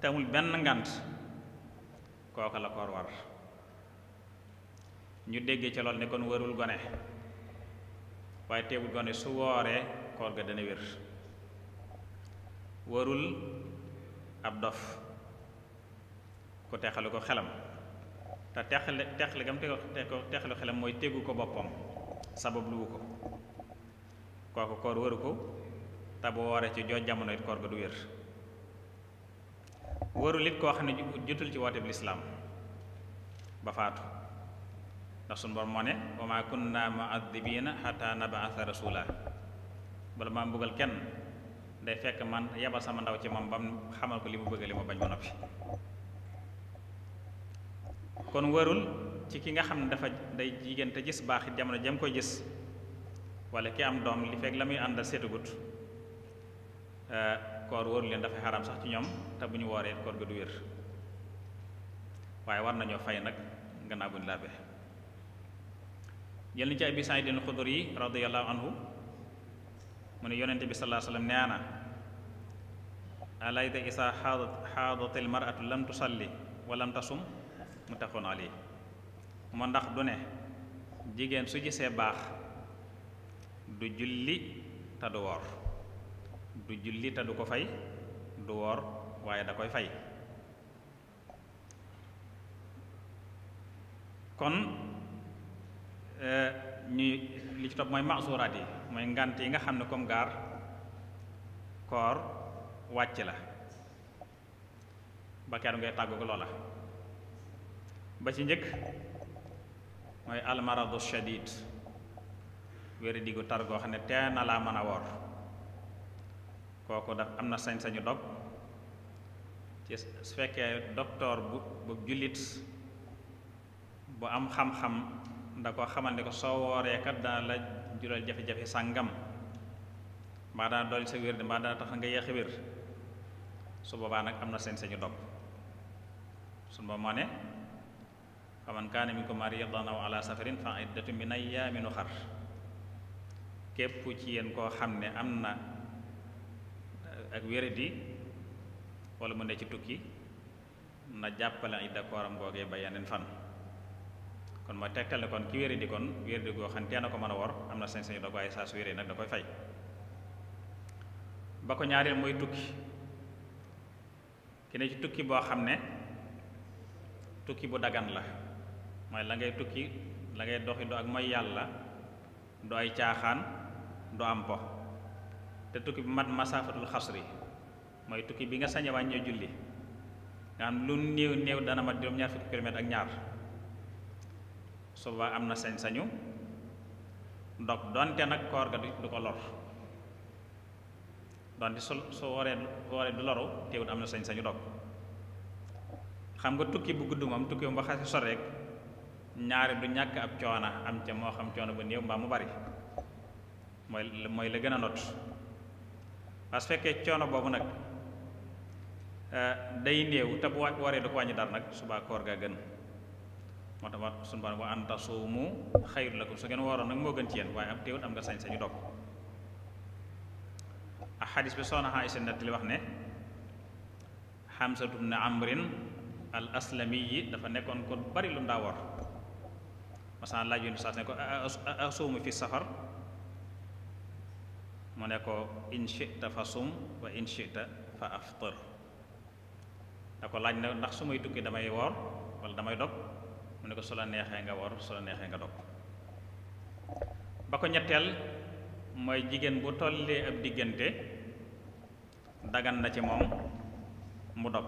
te benn ngant kooka la koor war ñu déggee ci lool ne kon warul gone waaye teewul gone su wooree koor ga dana wér warul ab dof ku texalu ko xelam te texle texle gam texalu xelam mooy tegu ko boppam sabab luwu ko kooku koor waru ko te bu wooree ci jooj jamono it koor ga du wér warul it koo xam ne jotul ci woote bi lislaam ba ndax su borom moo ne ma naa wa maa kunna mu'addibiina xataa nabaasa rasula bala maa mbugal kenn day fekk man yabal sama ndaw ci moom ba mu xamal ko li mu bëgg li mu bañ ba noppi kon warul ci ki nga xam ne dafa day jigéen te gis baax jamono jam koy gis walla ki am doom li fekk la muy àndal seetagut eh, koor warul leen dafay xaraam sax ci ñoom te bu ñu wooree koor ga du wér waaye war nañoo fay nag gannaaw bu ñu jël ni ci abi saydin xudur yi radiallahu anhu mu ne yonente bi salaa sallam nee na alayta isa xaadat xaadatil maratu lam tusalli wa lam tasum muttafaqun alayhi mu ndax du ne jigéen su gisee baax du julli te du woor du julli te du ko fay du woor waaye da koy fay kon Euh, ñuy li ci topp mooy masuraat yi mooy ngant yi nga xam ne comme gaar koor wàcc la ba keroog ngay tàggu loola ba ci njëkk mooy almaradu shadid wéri digu tar goo xam ne tee na laa mën a woor kooku daf am na sañ-sañu dog ci su fekkee docteur bu bu jullit bu am xam-xam da ko xamal ko soo wooree kat dana la jural jafe-jafe sàngam mbaa dana dolli sa wér mbaa dana tax nga yéex a wér su boobaa nag am na sañ-sañu dog suñu ba moo ne faman kaana minkum mariidan aw ala safarin fa iddatu min ayyaamin uxar képp ci yéen koo xam ne am na eh, ak wéradi wala mu ne ci tukki na jàppale idda kooram googee ba yeneen fan kon mooy tegtal ne kon ki wéri di kon wéri di goo xam tee na ko mën a wor am na sañ-sañu da ko waaye saa su wéree nag da koy fay ba ko ñaareel mooy tukki ki ci tukki boo xam ne tukki bu dagan la mooy la ngay tukki la ngay doxi do ak mooy yàlla do ay caaxaan do am po te tukki bi mat masaafatul xasri mooy tukki bi nga sañ a wàññee julli nga xam lu néew néew dana mat juróom-ñaar fukki kilomètre ak ñaar su am na sañ-sañu dog donte nag koor ga du ko lor donte su su waree du loru teewut am na sañ-sañu dog xam nga tukki bu gudd moom tukki moom ba xasi sore rek ñaari du ñàkk ab coona am ca moo xam coono ba néew mbaa mu bari mooy mooy la gën a not parce que fekkee coono boobu nag eh, day néew te bu waree du ko wàññi dara nag subaa koor gaa gën moo tax ba suñu borom wa an tasuumu xayru lakum su ngeen waroon nag moo gën ci yéen waaye am teewul am nga sañ sañu dog ak xadis bi soxna Aysa nettali wax ne Xamsatu bnu Amrin al aslami yi dafa nekkoon ko bari lu mu daa war masan laaj yun saas ne ko asuumu fi safar mu ne ko in shita fa sum wa in shita fa aftir da ko laaj ne ndax su may tukki damay woor wala damay dog mu ne ko su neexee nga wor su neexee nga dog ba ko ñetteel mooy jigéen bu tollee ab diggante dagan na ci moom mu dog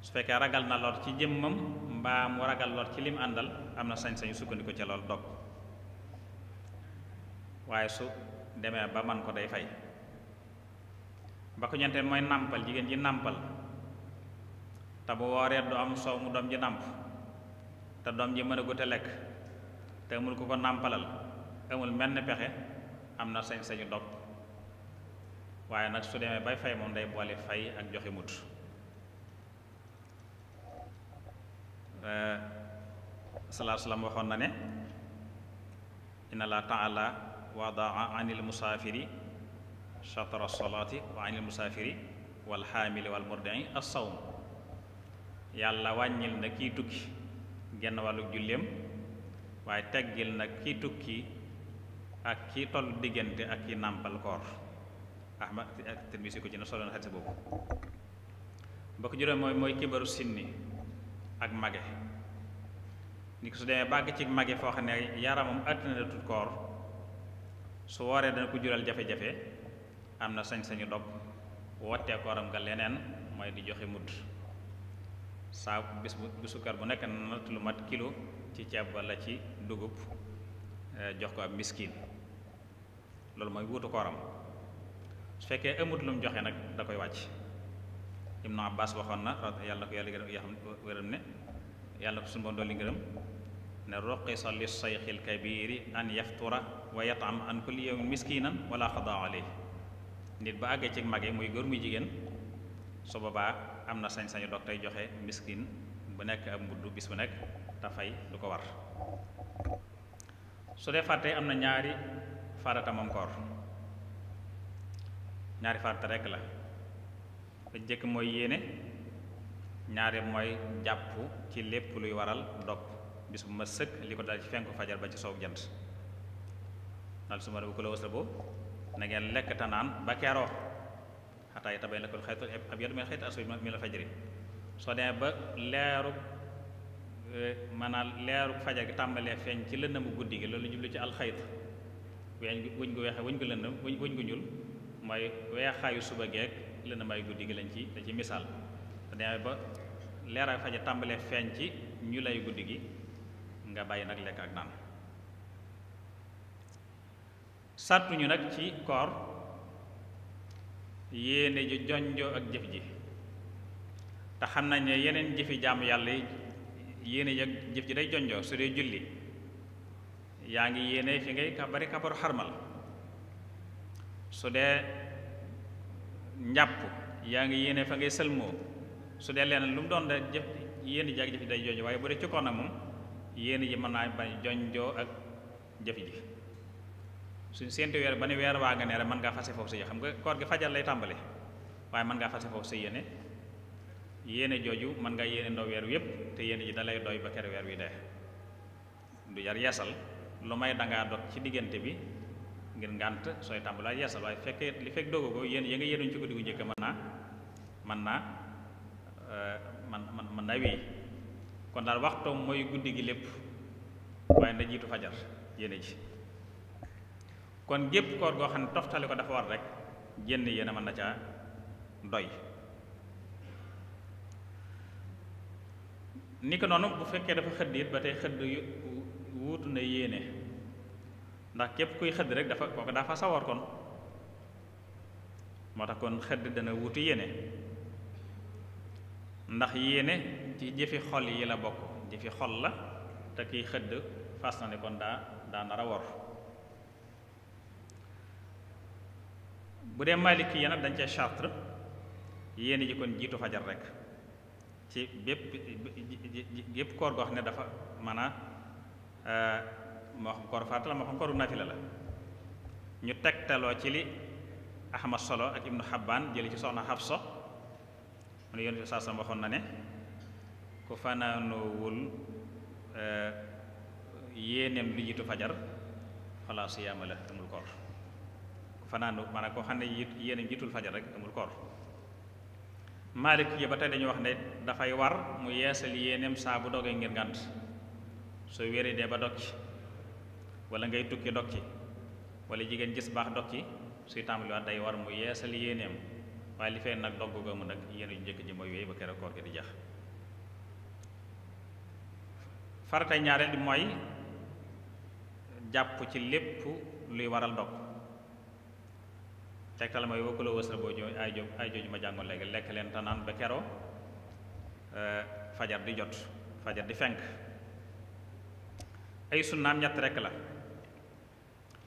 su fekkee ragal na lor ci jëmmam mbaa mu ragal lor ci lim àndal am na sañ-sañu sukkandiku ca lool dog waaye su demee ba man ko day fay ba ko ñeenteel mooy nàmpal jigéen ji nàmpal te bu wooree am soow mu doom ji nàmp te doom ji mën a gut lekk te amul ku ko nàmpalal amul menn pexe am na sañ-sañu dog waaye nag su demee bay fay moom day boole fay ak joxe mut salaa salaam waxoon na ne inna la taala wadaa musaafiri chatra solaati wa anil musaafiri wal xaamili wal murdii as sawm yàlla wàññil na kii tukki genn wàllu julleem waaye teggil nag ki tukki ak ki toll diggante ak ki nàmpal koor ahmad ak Tirmisi ko ci na solo na xadis boobu mbokk juróom mooy mooy kibaru sinni ak mage ni ko su demee bàgg ci mage foo xam ne yaramam àttina na tut koor su wooree dana ko jural jafe-jafe am na sañ-sañu dog wottee kooram nga leneen mooy di joxe mudd saa bis bu bisu bu nekk natt lu mat kilo ci ceeb wala ci dugub eh, jox ko ab miskin loolu mooy wuutu kooram su fekkee amut lu mu joxe nag da koy wàcc Ibnu Abbas waxoon na yàlla ko yàlla gërëm yoo ne yàlla ko sunu dolli ngërëm ne ruqisa li sayxil kabiri an yaftura wa yatam an kulli yawmin miskinan wala xadaa alayhi nit ba àggee ci mag muy góor muy jigéen su boobaa am na sañ-sañu dog tey joxe miskin bu nekk ab mbudd bis bu nekk te du ko war su dee fàtte am na ñaari farata moom koor ñaari farata rekk la ba jëkk mooy yéene ñaari mooy jàpp ci lépp luy waral dog bis bu ma sëkk li ko dal ci fenku fajar ba ci soow jant daal su ma ne bu ko la na ngeen lekk te ba keeroo xataa tabayyana lakal xaytul abyadu minal xayti aswadi minal fajri soo demee ba leerug eh, maanaam leerug fajar tàmbalee feeñ ci lëndëmu guddi gi loolu jublu ci alxayt weñ wuñ gu weexe wuñ gu lëndëm wuñ gu ñuul mooy weexaayu suba guddi gi lañ ci lañ ci misaal soo demee tàmbalee feeñ ci ñu lay guddi nga bàyyi nag lekk ak naan sàttuñu nag ci koor yéene ju jonjoo ak jëf ji te xam nañ ne yeneen jëfi jaamu yàlla yi yéene ji ak jëf ji day jonjoo su dee julli yaa ngi yéene fi ngay bari kabaru xarmal su dee njàpp yaa ngi yéene fa ngay sëlmoo su dee leneen lu mu doon da jëf yéene ji ak jëf ji day jonjoo waaye bu dee ci koon moom yéene ji mën naa bañ jonjoo ak jëf ji suñ seenti weer ba ni weer waa nga ne rek ngaa fase foofu sa yéene xam nga koor gi fajar lay fase foofu sa yéene jooju mën nga yéene ndoo weer wi yépp te yéene ji da lay doy ba kere weer wi dee du jar yasal lu may dangaa dog ci diggante bi ngir ngànt sooy tàmbale waaye yeesal waaye fekkee li fekk dogu ko yéen yi nga yéenuñ ci guddi gu njëkk mën naa mën naa euh, man man mën naa wéy kon daal waxtoom mooy guddi gi lépp waaye na fajar yéene ji kon gépp koor goo xam ne toftale ko dafa war rek génn yéen man na ca doy ni ko noonu bu fekkee dafa xëdd it ba tey xëdd yu wuutu na yéene ndax képp kuy xëdd rek dafa kooku dafa sawar kon moo tax kon xëdd dana wuutu yéene ndax yéene ci jëfi xol yi la bokk jëfi xol la te kiy xëdd fas na ne kon daa daa nar a wor bu dee maliki yi nag dañ cee chartre yéen ji kon jiitu fajar rek ci bépp bépp koor goo xam ne dafa maanaam moo xam koor farata la moo xam kooru nafila la ñu tegtaloo ci li Ahmad solo ak Ibnu Xabbaan jëli ci soxna Xafsa mu ne yonent bi saasam waxoon na ne ku fanaanoowul eh, yéeneem lu jiitu fajar falaa siyaama la amul koor fanaanu maanaam ko xam ne yéen jiitul fajar rek amul koor Maalik yi ba tey dañu wax ne dafay war mu yeesal yéeneem saa dogee ngir ngànt soo wéri dee ba dokki wala ngay tukki dokki wala jigéen gis baax dokki suy tàmbaliwaat day war mu yeesal yéeneem waaye li fee nag dogg goomu nag yéen ju njëkk ji mooy wéy ba keroog koor gi di jeex faratay ñaareel bi mooy jàpp ci lépp luy waral dog tegtal mooy wakkuloo wës la boo jo ay jo jooju ma jàngoon léegi lekk leen te ba kero eh, fajar di jot fajar di fenk ay sunnaam ñett rekk la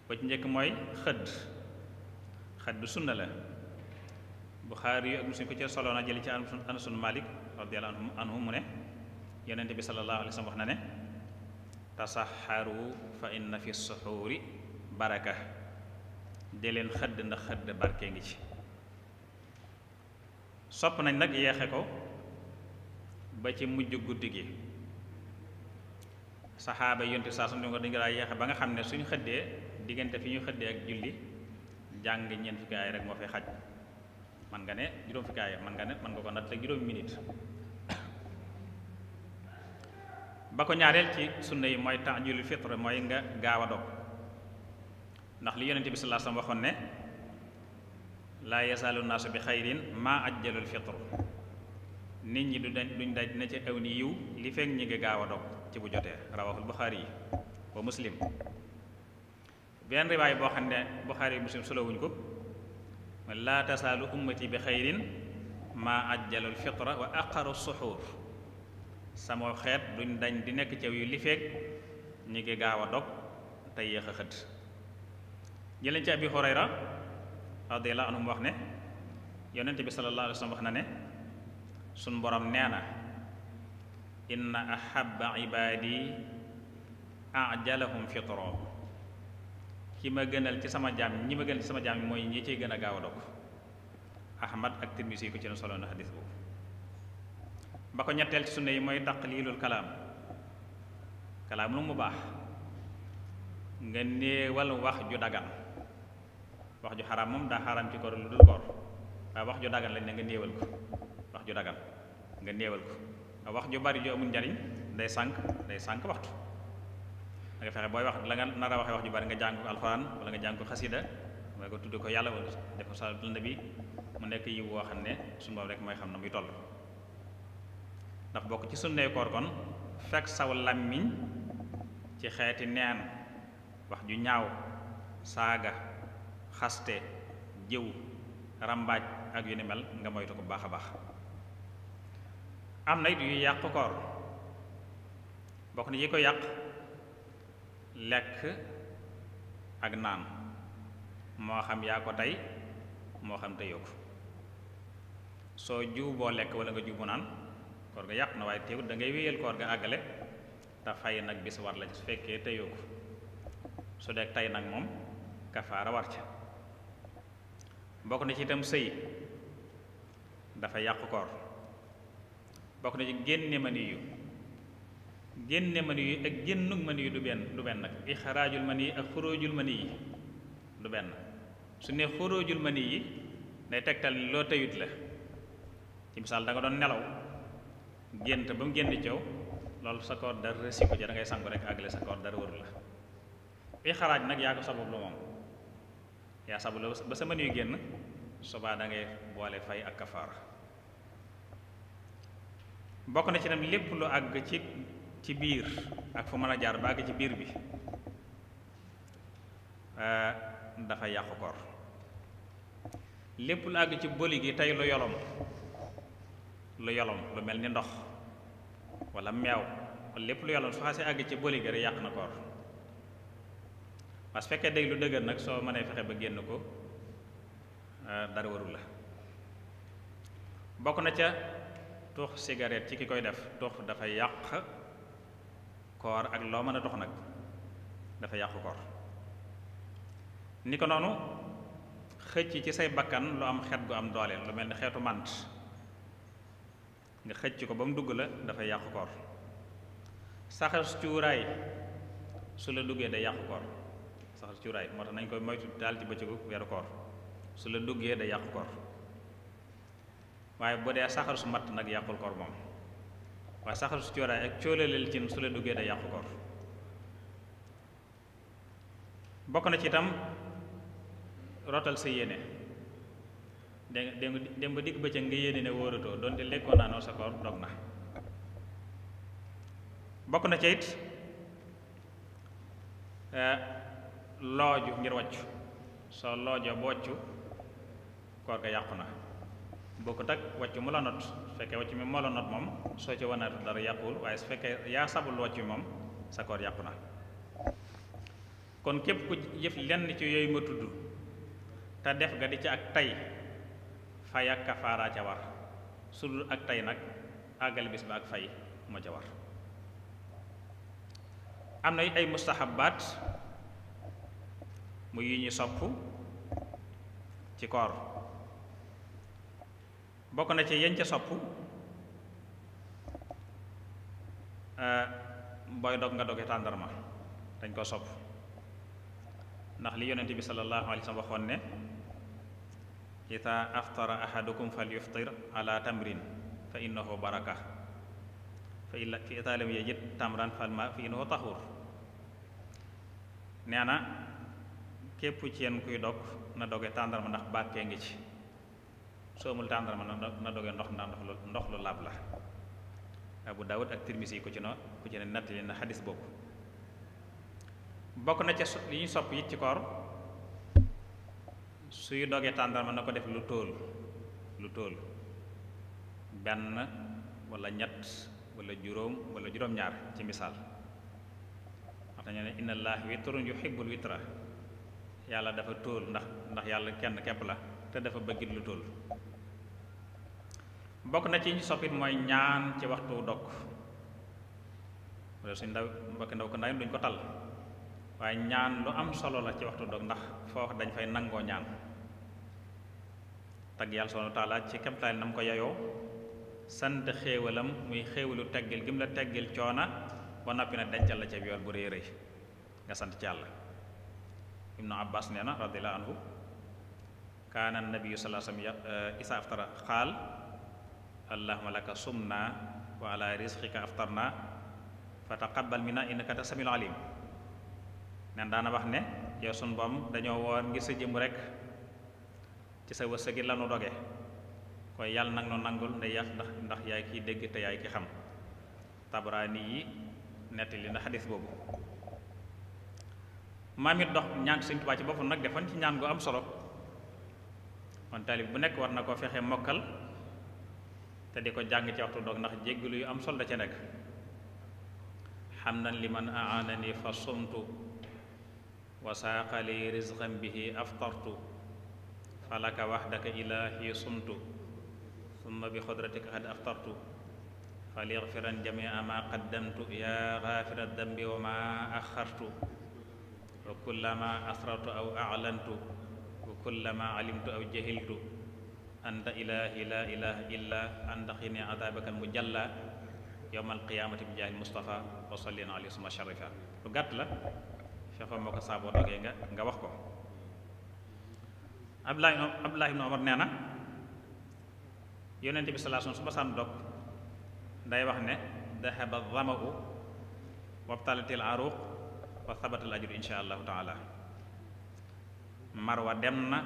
ba ci njëkk mooy xëdd xëdd sunna la Buxaari yu ak Muslim ko ci solo na jëli ci Anas ibn Malik radiyallahu anhu mu ne yonente bi sallallahu alayhi wa sallam wax na ne tasaxaru fa inna fi suxuuri baraka de leen xëdd ndax xëdd barke ngi ci sopp nañ nag yeexe ko ba ci mujj guddi gi saxaaba yonti saa suñu ko dañu daa yeexe ba nga xam ne suñ xëddee diggante fi ñu xëddee ak julli jàng ñeent fukki rek moo fay xaj man nga ne juróom fukki man nga ne man nga ko natt juróomi minute ba ko ñaareel ci sunna yi mooy temps julli fitre mooy nga gaaw a dog ndax li yonente bi sallallahu laa wasallam waxoon ne laa yasaalu naasu bi xayrin maa ajjalul fitr nit ñi du dañ duñ daj na ci aw ni yiw li fekk gaaw a dog bu jotee rawahul buxaari yi wa benn riwaay boo xam ne buxaari yi solowuñ ko laa tasaalu ummati bi xayrin maa ajjalul fitra wa aqaru xeet duñ dañ di nekk ci aw yu li fekk ñi gaaw a dog te yéex a xët jëleen ci abi hurayra radiyallahu anhu wax ne yonente bi sallallahu alayhi wa wax na ne sun borom nee na inna ahabba ibaadi ajalahum fitro ki ma gënal ci sama jaam ñi ma gënal ci sama jaam mooy ñi ciy gën a gaaw a dog ahmad ak tirmisi yi ko ci ne solo na xadis boobu ba ko ñetteel ci sunna yi mooy taqlilul kalaam kalaam lu mu baax nga néewal wax ju dagan wax ju xaraam daa xaraam ci koor lu dul koor waaye wax ju dagan lañ ne nga néewal ko wax ju dagan nga néewal ko wax ju bari ju amul njariñ day sànq day sànq waxtu da fexe booy wax la nga nar a waxee wax ju bari nga jàng ko alxuraan wala nga jàng ko xasida mooy ko tudd ko yàlla wala def ko salaatu ala nabi mu nekk yiw woo xam ne suñu boobu rek mooy xam na muy toll ndax bokk ci sunnay koor kon fekk saw làmmiñ ci xeeti neen wax ju ñaaw saaga xaste jiw ràmbaaj ak yu ni mel nga moytu ko bu baax a baax am na it yu yàq koor bokk na yi ko yàq lekk ak naan moo xam yaa ko tey moo xam teyoo ko soo juuboo lekk wala nga juubu naan koor ga yàq na waaye teewut da ngay wéyal koor ga àggale te fay nag bis war la su fekkee teyoo ko su dee tey nag moom kafaara war ca bokk na ci itam sëy dafa yàq koor bokk na ci génne mani yu génne mani yu ak génnug mani yu du benn du benn nag ixraajul mani yi ak xuróojul mani yi benn su ne xuróojul mani yi day tegtal ni loo teyut la ci misaal da doon nelaw gént ba mu génn caw loolu sa koor dara rësi ko ja da sangu rek àggale sa koor dara wëru la ixraaj nag yaa ko sabab lu moom yaa sabu la ba sa mënuy génn subaa da boole fay ak kafaara bokk na ci tam lépp lu àgg ci ci biir ak fu mën a jaar ba àgg ci biir bi eh, dafa yàqu koor lépp lu àgg ci boli gi tey lu yolom lu yolom lu mel ni ndox wala meew lépp lu yolom su xasee àgg ci boli gi rek yàq na koor waaye su fekkee dégg lu dëgër nag soo mënee fexe ba génn ko euh, dara warul la bokk na ca tux cigarette ci ki koy def tux dafa yàq koor ak loo mën a tux nag dafa yàq koor ni ko noonu xëcc ci say bakkan lu am xet gu am doole lu mel ni xeetu mànt nga xëcc ko ba mu dugg la dafa yàq koor saxas cuuraay su la duggee day yàq koor ndax cuuraay moo tax nañ koy moytu daal ci bëccëgu weeru koor su la duggee day yàqu koor waaye bu dee saxar su matt nag yàqul koor moom waaye saxar su cuuraay ak cóolaleel cin su la duggee day yàqu koor bokk na ci itam rotal sa yéene dé dem ba digg bëccëg nga yéene ne wóoratoo doonte lekkoo naanoo sa koor dog na bokk na ci it eh, looju ngir wàccu soo loojo boccu koor ga yàqu na bokkut ak wàccu mu la not su fekkee wàccu mi moo la not moom soo ci wanaatu dara yàquwul waaye su fekkee yaa sabul wàccu moom sa koor yàqu na kon képp ku jëf lenn ci yooyu ma tudd te def nga di ci ak tey fay ak kafaara ca war su dul ak tey nag àggal bis ba ak fay moo ca war am na ay mustahabaat mu yi ñu sopp ci koor bokk na ci yañ ca sopp eh, booy dog nga doge tàndarma dañ ko sopp ndax li yonente bi sallallahu alayhi wa sallam waxoon ne ida aftara ahadukum falyuftir ala tamrin fa innahu baraka fa illa fi ida lam yajid tamran falma fa innahu tahur nee képp ci yéen kuy dog na doge tàndarma ndax bàkkee ngi ci soo amul tàndarma na doge ndox ndax ndox lu ndox lu laab la Abu Dawud ak Tirmisi yi ku ci no ku ci ne nettali na xadis boobu bokk na ca li ñuy sopp it ci koor suy dogee tàndarma na ko def lu tóol lu tóol benn walla ñett wala juróom wala juróom-ñaar ci misaal wax nañu ne inna allaah witrun yuhibbul witra yàlla dafa tóol ndax ndax yàlla kenn képp la te dafa bëggit lu tóol bokk na ci ñu soppit mooy ñaan ci waxtu dog wala ndaw mbokki ndaw ko ndaw duñ ko tal waaye ñaan lu am solo la ci waxtu dog ndax foofu dañ fay nangoo ñaan tagg yàlla subhanahu wa taala ci kemtaal nam ko yayoo sant xéewalam muy xéewalu teggil gi la teggil coona ba noppi na dencal la ca yool bu rëy rëy nga sant ci yàlla ibnu abbas nee na radiallahu anhu kaana nabiyu salaa sallam isa eh, aftara xaal allahuma laka sumna wa ala risqika aftarna fa taqabbal minna innaka ta samiul alim nen daana wax ne yow sun dañoo woor ngir sa jëmm rek ci sa wërsëgi lanu doge koy yàlla nag nu nangul nda yax ndax ndax yaay kiy dégg te yaay ki xam tabraani yi nettali na xadis boobu maam it dox ñaan Sëñ Tuubaa ci boppam nag defan ci ñaan gu am solo kon taalib bu nekk war na koo fexe mokkal te di ko jàng ci waxtu doog ndax jéggalu yu am solo da ca nekk xam na li man aanani fa sumtu wa saaqali rizqan bihi aftartu falaka waxdaka ilahi sumtu summa bi xudratika xad aftartu falixfiran jamia ma qaddamtu ya xaafira dambi wa ma axartu wa kullama asrartu aw a'lantu wa kullama alimtu aw jahiltu anta ilahi la ilaha illa anta xini adabaka mu jalla yowma alqiyamati bi jaahil mustafa wa sallina alayhi suma lu gàtt la fefa moo ko saaboo dogee nga nga wax ko abdulahi abdulahi ibn omar nee na yonente bi salaa su basaan dog day wax ne dahaba zamau wabtalatil aruq wa sabatal ajru insha allahu taala marwa dem na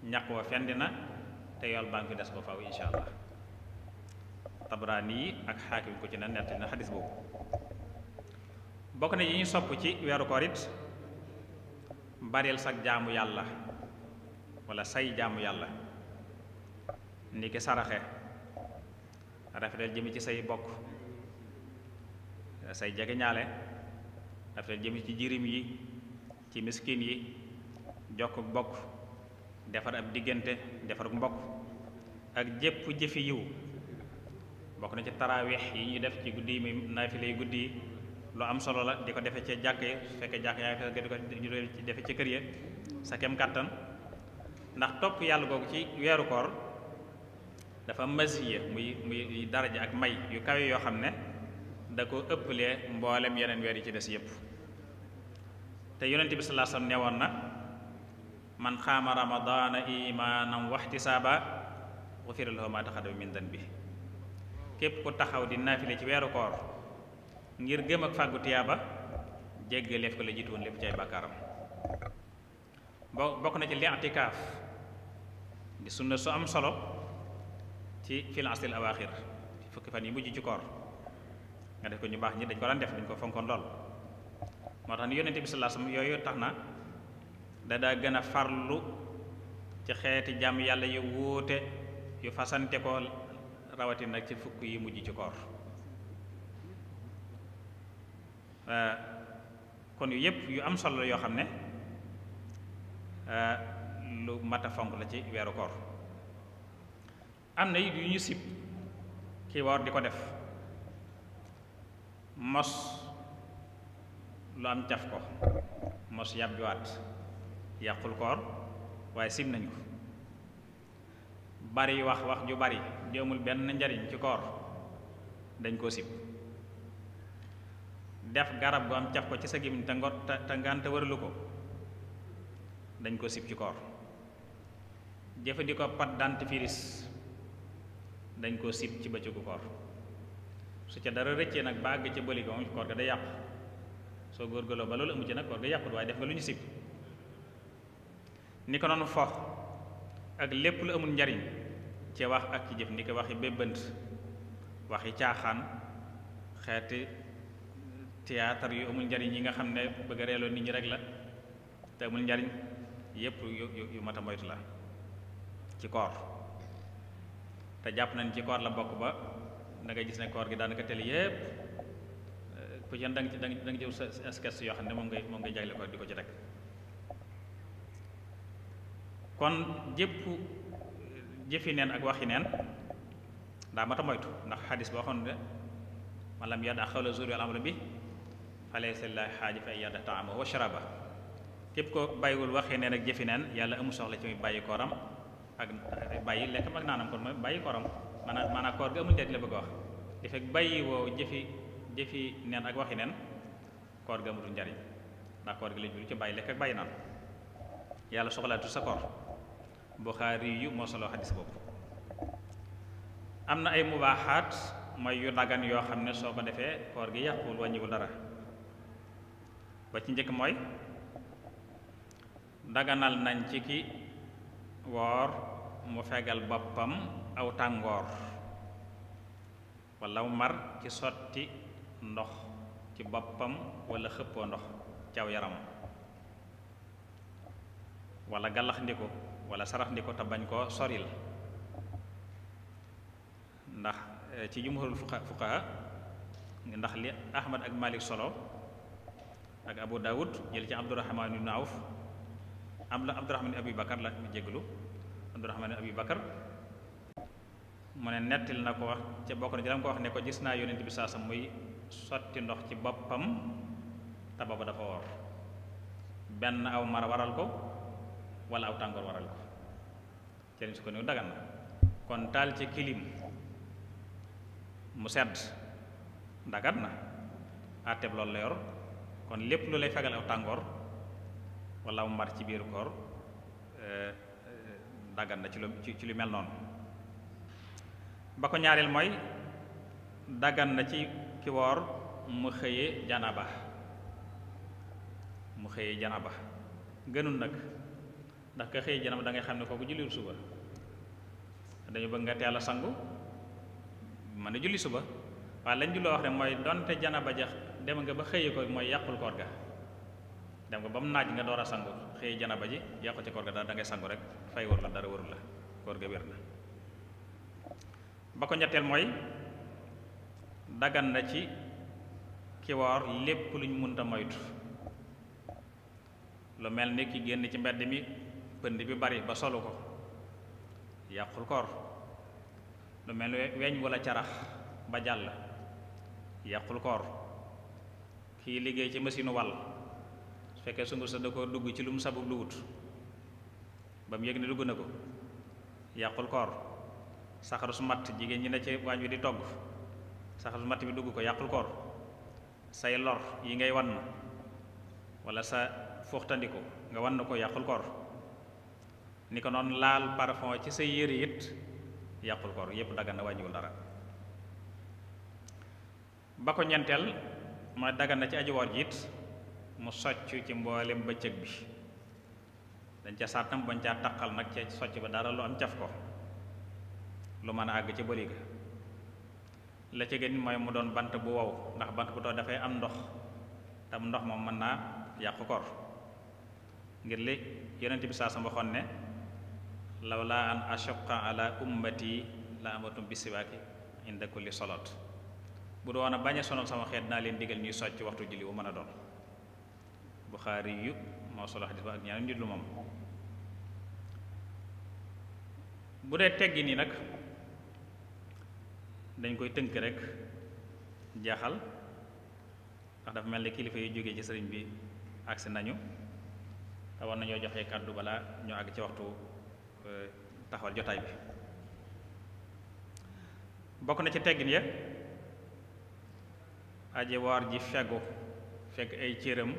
ñaq wa fendi na te yool baa fi des ba faw insha allah tabraani yi ak xaakim ko ci na nett na xadis boobu bokk na yi ñu sopp ci weeru koor bareel sag jaamu yàlla wala say jaamu yàlla ni ki saraxe rafetal jëmi ci say bokk say jege rafetal jëme ci jirim yi ci miskin yi jokk bokk defar ab diggante defar mbokk ak jépp jëfi yiw bokk na ci taraaweex yi ñuy def ci guddi yi muy naafile guddi yi lu am solo la di ko defe ci jàkk yi su fekkee jàkk yaa ngi ko ñu defe ci kër ya sa kem kàttan ndax topp yàlla googu ci weeru koor dafa masiya muy muy daraja ak may yu kawe yoo xam ne da ko ëppalee mboolem yeneen weer yi ci des yëpp te yonent bi sallallahu alayhi wasallam na man xaama ramadaana imaanan wahtisaaba ghufira lahu ma taqaddama min danbi képp ku taxaw di naafile ci weeru koor ngir gëm ak fàggu tiyaaba jéggaleef ko la jiitu woon lépp ci ay bàkkaaram bokk na ci li'tikaaf di sunna su am solo ci fil asril awaaxir fukki fan yi mujj ci koor nga def ko ñu baax ñi dañ ko daan def dañ ko fonkoon lool moo tax ni yonente bi sallallahu yooyu tax na dada daa gën a farlu ci xeeti jàmm yàlla yu wuute yu fasante ko rawati ci fukk yi mujj ci koor euh, kon yu yëpp yu am solo yoo xam ne euh, lu mat a fonk la ci weeru koor am na yu ñu sib kii di ko def mos lu am caf ko mos yàbbiwaat yàqul koor waaye sim nañ bari wax wax ju bari jëmul benn njariñ ci koor dañ koo sib def garab gu am caf ko ci sa gémmiñ te ngor te ngante wëralu ko dañ ko sib ci koor jëfandikoo pat dentifrice dañ koo sib ci bëccëgu koor su ca dara rëccee nag ba àgg ca bëli moom ci koor ga day yàqu soo góorgóorloo ba loolu amu ci nag koor ga yàqut waaye def nga lu ñu sib ni ko noonu fo ak lépp lu amul njariñ ci wax ak ci jëf ni ko waxi bébbant waxi caaxaan xeeti théâtre yu amul njariñ yi nga xam ne bëgg a reeloo nit ñi rek la te amul njariñ yépp yu yu mat la ci koor te jàpp nañ ci koor la bokk ba da nga gis ne koor gi daanaka tëli yépp ku ci da nga ci da nga jëw sa sketch yoo xam ne moom ngay moom ngay jagle ko di ko ci rek kon jëpp jëfi neen ak waxi neen daa mat moytu ndax xadis boo xam ne man lam yada xawla zuur wal amala bi falaysa lillahi xaaja fa yada taamahu wa sharaba képp ko bàyyiwul waxi neen ak jëfi neen yàlla amu soxla ci muy bàyyi kooram ak bàyyi lekkam ak naanam kon mooy bàyyi kooram maanaam maanaam koor gi amul njëriñ la bëgg a wax di fekk bàyyi woo jëfi jëfi neen ak waxi nen koor ga amatul njariñ ndax koor gi lañ bi lu ci bàyyi lekk ak bàyyi naan yàlla soxlaatu sa koor buxaari yu moo soloo xadis am na ay mubaaxaat mooy yu daggan yoo xam ne soo ko defee koor gi yàquwul wàññiwul dara ba ci njëkk mooy dagganal nañ ci ki woor mu fegal boppam aw tàngoor walla mar ci sotti ndox ci boppam walla xëppoo ndox caaw yaram walla gàllax ndiko wala sarax te bañ koo soril ndax eh, ci jumhurul fuqaha ndax li ahmad ak malik solo ak abu dawud jël ci abdurahman ibn awf am la abdurahman abi bakar la jéglu abdurahman abi bakar mu ne nettil na ko wax ca bokk na ci la ko wax ne ko gis naa yonent bi saasam muy sotti ndox ci boppam te booba dafa woor benn aw mar waral ko wala aw tàngoor waral ko ci lañ su ko néew dagan na kon taal ci kilim mu sedd dagat na àtteeb loolu la yor kon lépp lu lay fegal aw tàngoor wala aw mar ci biiru koor eh, eh, daggan na ci lu ci lu mel noonu ba ko ñaareel mooy dagan na ci ki woor mu xëye janaba mu xëye janaba gënul nag ndax ka xëye janaba dangay xam ne kooku julliwul suba dañu bëgg nga teel a sangu man a julli suba waaye lañ julloo wax ne mooy donte janaba ja dem nga ba xëye ko mooy yàqul koor ga dem nga ba mu naaj nga door a sangu xëye janaba ji yàqu ci koor ga daal da ngay sangu rek fay wër la dara wëru la koor ga wér na ba ko ñetteel mooy dagan na ci ki lépp luñ munta moytu lu mel ni ki génn ci mbedd mi pënd bi bari ba solu ko yàqul koor lu mel ni weñ walla carax ba jàll yàqul koor kii liggéey ci machine wàll su fekkee sungu sa da ko dugg ci lu mu sabub lu wut ba mu yëg ne dugg na ko yàqul koor saxaru su matt jigéen ñi ne ci waañ wi di togg saxal matt bi dugg ko yàqul koor say lor yi ngay wan walla sa fuuxtandiku nga wann ko yàqul koor ni ko noonu laal parfum ci say yére it yàqul koor yépp dagan na wàññiwul dara ba ko ñenteel mooy dagan na ci aji woor mu socc ci mboolem bëccëg bi dañ ca sàttam bañ caa taqal nag ca socc ba dara lu am caf ko lu mën a àgg ci bëri la ci gën mooy mu doon bant bu wow ndax bant bu tooy dafay am ndox tam ndox moom mën naa yàqu koor ngir li yonent bi saa sam waxoon ne law laa an ashaqa ala am la amatum bisiwaaki inda kulli soloot bu doon a bañ a sonal sama xeet naa leen digal ñuy socc waxtu julli wu mën a doon buxaari yu moo solo xadis ba ak ñaari nit lu moom bu dee teggi nii nag dañ koy tënk rek jeexal ndax dafa mel ni kilifa yu jógee ci sëriñ bi agsi nañu te war nañoo joxe kàddu balaa ñu àgg ci waxtu euh, taxawal jotaay bi bokk na ci teggin ya aji ji fegu fekk ay cëram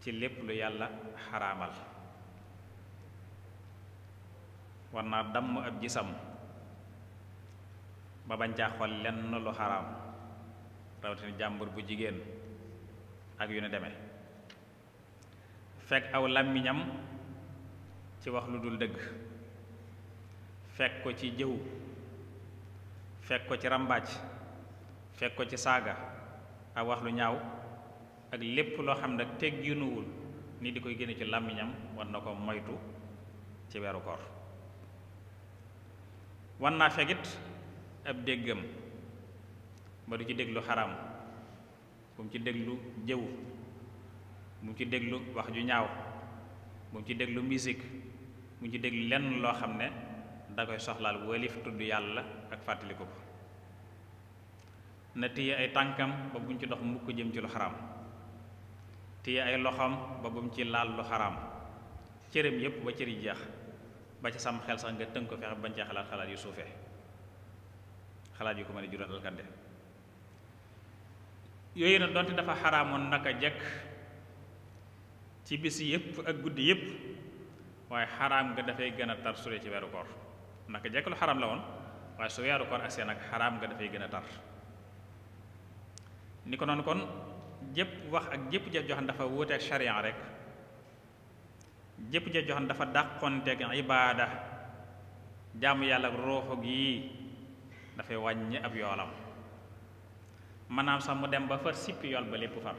ci lépp lu yàlla xaraamal war naa damm ab gisam ba bañ caa lenn lu xaraam rawatina jàmbur bu jigéen ak yu ne demee fekk aw làmmiñam ci wax lu dul dëgg fekk ko ci jëw fekk ko ci ràmbaaj fekk ko ci saaga ak wax lu ñaaw ak lépp loo xam ne tegginuwul ni di koy génne ci làmmiñam war na ko moytu ci weeru koor war naa fekk ab déggam ba du ci déglu xaram bu mu ci déglu jëw bu mu ci déglu wax ju ñaaw bu mu ci déglu musique bu mu ci déglu lenn loo xam ne da koy soxlaal walif tudd yàlla ak fàttaliku ko na téye ay tànkam ba bu mu ci dox mbukk jëm ci lu xaram téye ay loxoom ba bu mu ci laal lu xaram cëram yépp ba cër yi jeex ba ci sam xel sax nga tënk ko fexe bañ cee xalaat xalaat yu suufee xalaat yu ko mën a jural alkande yooyu nag donte dafa xaraamoon naka jekk ci bis yépp ak guddi yépp waaye xaraam nga dafay gën a tar su dee ci weeru koor naka jekk lu xaraam la woon waaye su weeru koor agsee nag xaraam nga dafay gën a tar ni ko noonu kon jëpp wax ak jëpp jëf joxan dafa wuute ak sharia rek jëpp jëf joxan dafa dàqonteeg ibaada jaamu yàlla ak ruuxu gi dafay wàññi ab yoolam maanaam sax mu dem ba far sippi yool ba lépp far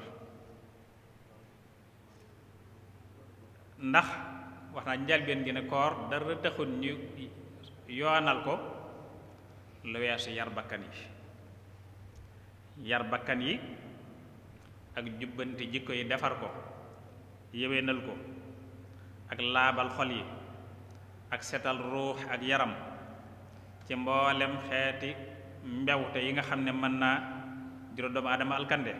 ndax wax naa njalbeen gi ne koor dara taxul ñu yoonal ko lu weesu yar bakkan yi yar bakkan yi ak jubbanti jikko yi defar ko yéwénal ko ak laabal xol yi ak setal ruux ak yaram ci mboolem xeeti mbewte yi nga xam ne mën naa juróom doomu aadama alkande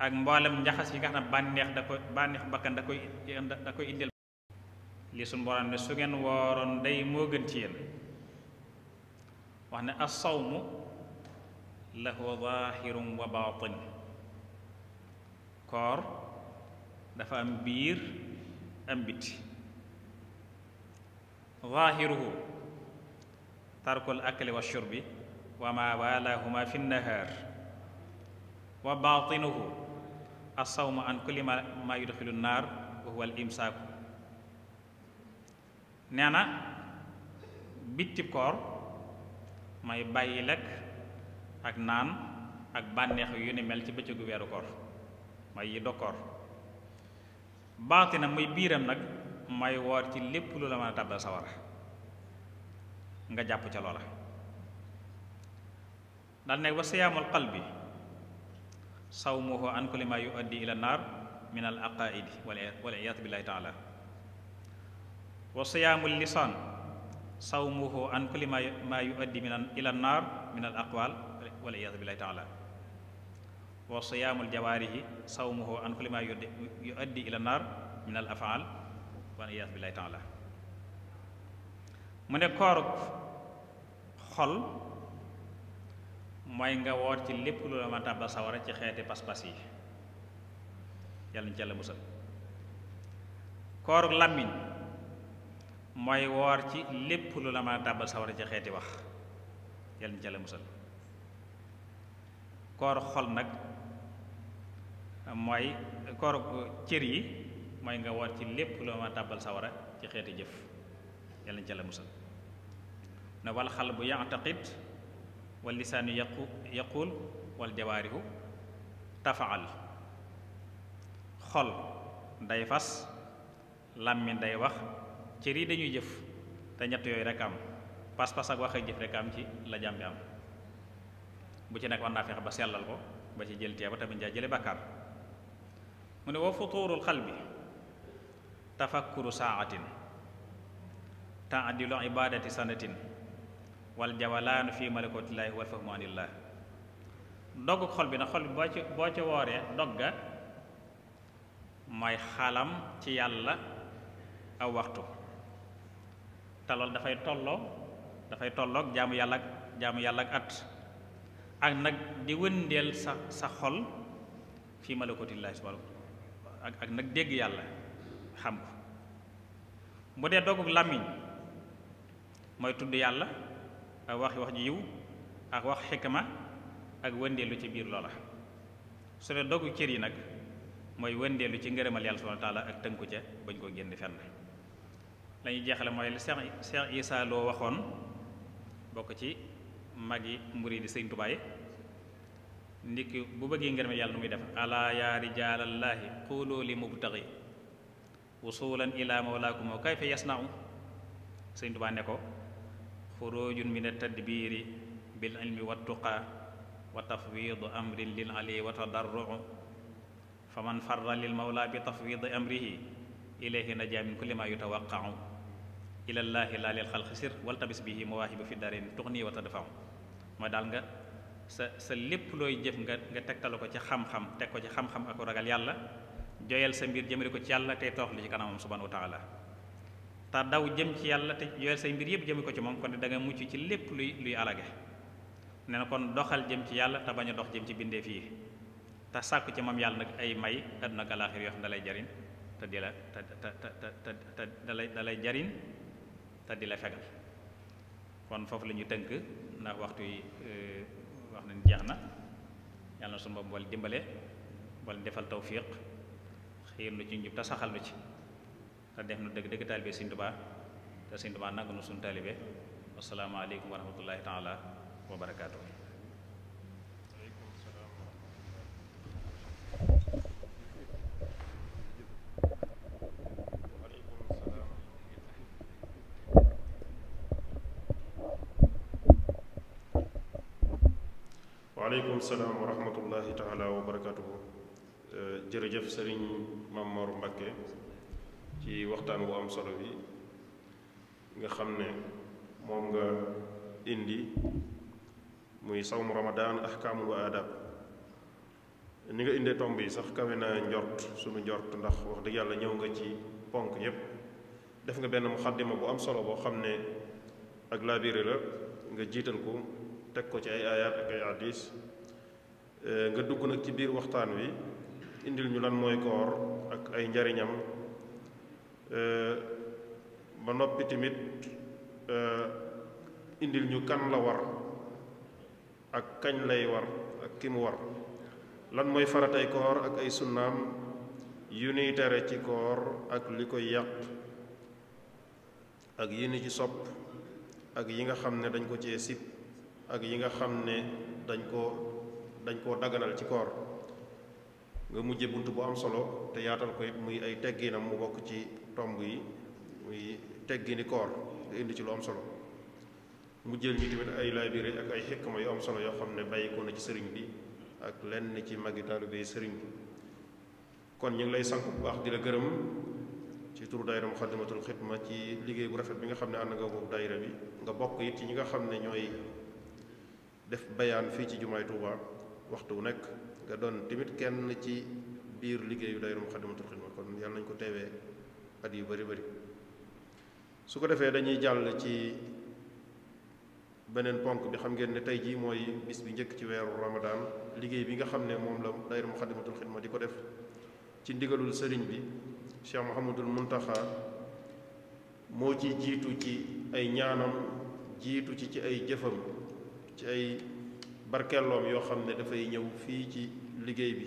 ak mboolem njaxas yi nga xam ne bànneex da ko bànneex bakkan da koy da koy indil li ne su ngeen wooroon day moo gën ci yéen wax ne as-sawmu lahu zaahirun wa baatin koor dafa am biir am biti zaahiruhu tarkul akli wa shurbi wa ma walahuma fi nnahaar wa baatinuhu assawmu an kulli ma ma yudxilu naar wa huwa imsaaku nee na bitti koor mooy bàyyi lekk ak naan ak bànneex yu ne mel ci bëccëgu weeru koor mooy yi do koor baatina muy biiram nag mooy woor ci lépp lu la mën a tàbbal sawara nga jàpp ca loola dal nekk wa siyaamul qalbi sawmuhu an kulli ma yuaddi ila naar min al aqaidi wal iyaatu billahi taala wa siyaamul lisaan sawmuhu an kulli ma yuaddi min ila naar min al aqwaal wal iyaatu billahi taala wa siyaamul jawaarihi sawmuhu an kulli ma yuaddi ila naar min al afaal wal iyaatu billahi taala mu ne kooru xol mooy nga woor ci lépp lu la ma tàbbal sawara ci xeeti pas-pas yi yàlla ñu ci musal koorug làmmiñ mooy woor ci lépp la sawara ci xeeti wax yàlla ñu ci musal kooru xol nag mooy koorug cër yi mooy nga woor ci lépp lu la ma tàbbal sawara ci xeeti jëf yàlla ñu ci yàlla musal na wal xal bu yactaqid wal lisaanu yaqu yaquul wal jawaarihu tafaal xol day fas làmmiñ day wax cër yi dañuy jëf te ñett yooyu rek am pas-pas ak wax jëf rek am ci la jàmm am bu ci nekk naa ba sellal ko ba ci jël teeba tamit jaa jële bàkkaar mu ne wa futuurul xal bi tafakkuru saatin taadilu ibadati sanatin wal jawalaanu fii malakutillaahi wal fahmu anillah xol bi na xol bi boo ci boo ci wooree dogga mooy xalam ci yàlla aw waxtu te dafay tolloo dafay tolloog jaamu yàlla ak jaamu yàlla ak at ak nag di wëndeel sa sa xol fii malakutillaahi ak nag dégg yàlla xam ko dee dogguk làmmiñ mooy tudd yàlla ak wax wax ji yiw ak wax xikma ak wëndeelu ci biir loola su dee dogu cër yi nag mooy wëndeelu ci ngërëmal yàlla subhanahu wa taala ak tënku ca bañ ko génn fenn la jeexale mooy Seex Seex Isaa waxoon bokk ci mag yi muridi Sëñ Tuubaa yi bu bëggee ngërëmal yàlla nu muy def alaa yaa rijaalallaahi quulu li mubtagi wusulan ilaa mawlaakum kayfa yasnau Sëñ Tuubaa ne ko furujun min altadbiri bil ilmi wattuqa wa tafwidu amrin lil ali wa fa man farra lil mawla bi tafwidi amrihi ilayhi najaa min kulli ma yutawaqau laa lil xalqi sir waltabis bihi mawaahibu fi darin tuxni wa tadfau mooy dal nga sa sa lépp looy jëf nga nga tegtale ko ci xam-xam teg ko ci xam-xam ak ragal yàlla joyal sa mbir jëmale ko ci yàlla tey toox li ci kanamam subhanahu wa te daw jëm ci yàlla te yore say mbir yëpp jëme ko ci moom kon dangay nga mucc ci lépp luy luy alage nee na kon doxal jëm ci yàlla te bañ a dox jëm ci bindeef yi te sàkku ci moom yàlla nag ay may àdduna ak yoo xam da lay jariñ te di la te fegal kon foofu la ñu tënk ndax waxtu yi euh, wax nañ jeex na yàlla na sunu bopp boole dimbale defal tawfiq xiir nu ci njub te saxal nu ci te def na dëgg dëgg taalibe Sëriñ te Sëriñ Tuubaa na suñu taalibe asalaamaaleykum wa rahmatullahi taala wa jërëjëf Sëriñ Mamoor Mbàkke ci waxtaan bu am solo bi nga xam ne moom nga indi muy saw sawmu ramadaan ahkaamu wa adab ni nga indee tomb yi sax kawe na njort sunu njort ndax wax dëgg yàlla ñëw nga ci ponk yépp def nga benn muxaddima bu am solo boo xam ne ak laabire la nga jiital ko teg ko ci ay aayaat ak ay hadiis nga dugg nag ci biir waxtaan wi indil ñu lan mooy koor ak ay njariñam ba noppi tamit indil ñu kan la war ak kañ lay war ak ki mu war lan mooy faratay koor ak ay sunnaam yu nuy tere ci koor ak li koy yàq ak yi ni ci sopp ak yi nga xam ne dañ ko cee sip ak yi nga xam ne dañ ko dañ koo daganal ci koor nga mujje bunt bu am solo te yaatal ko it muy ay tegginam mu bokk ci tomb yi muy teggini koor nga indi ci lu am solo mu jël ñu tamit ay laabire ak ay xikma yu am solo yoo xam ne bàyyi na ci sëriñ bi ak lenn ci magi taalibe sëriñ bi kon ñu ngi lay sant bu baax di la gërëm ci turu daayira Muxaddamatul Xidma ci liggéey bu rafet bi nga xam ne ànd nga boobu daayira bi nga bokk it ci ñi nga xam ne ñooy def bayaan fii ci jumaay Tuuba waxtu wu nekk nga doon tamit kenn ci biir liggéeyu daayira Muxaddamatul Xidma kon yàlla nañ ko teewee at yu bari bari su ko defee dañuy jàll ci beneen ponk bi xam ngeen ne tey jii mooy bis bi njëkk ci weeru ramadaan liggéey bi nga xam ne moom la daayira muxaddamatul xidma di ko def ci ndigalul sëriñ bi cheikh mohamadul muntaxa moo ci jiitu ci ay ñaanam jiitu ci ci ay jëfam ci ay barkelloom yoo xam ne dafay ñëw fii ci liggéey bi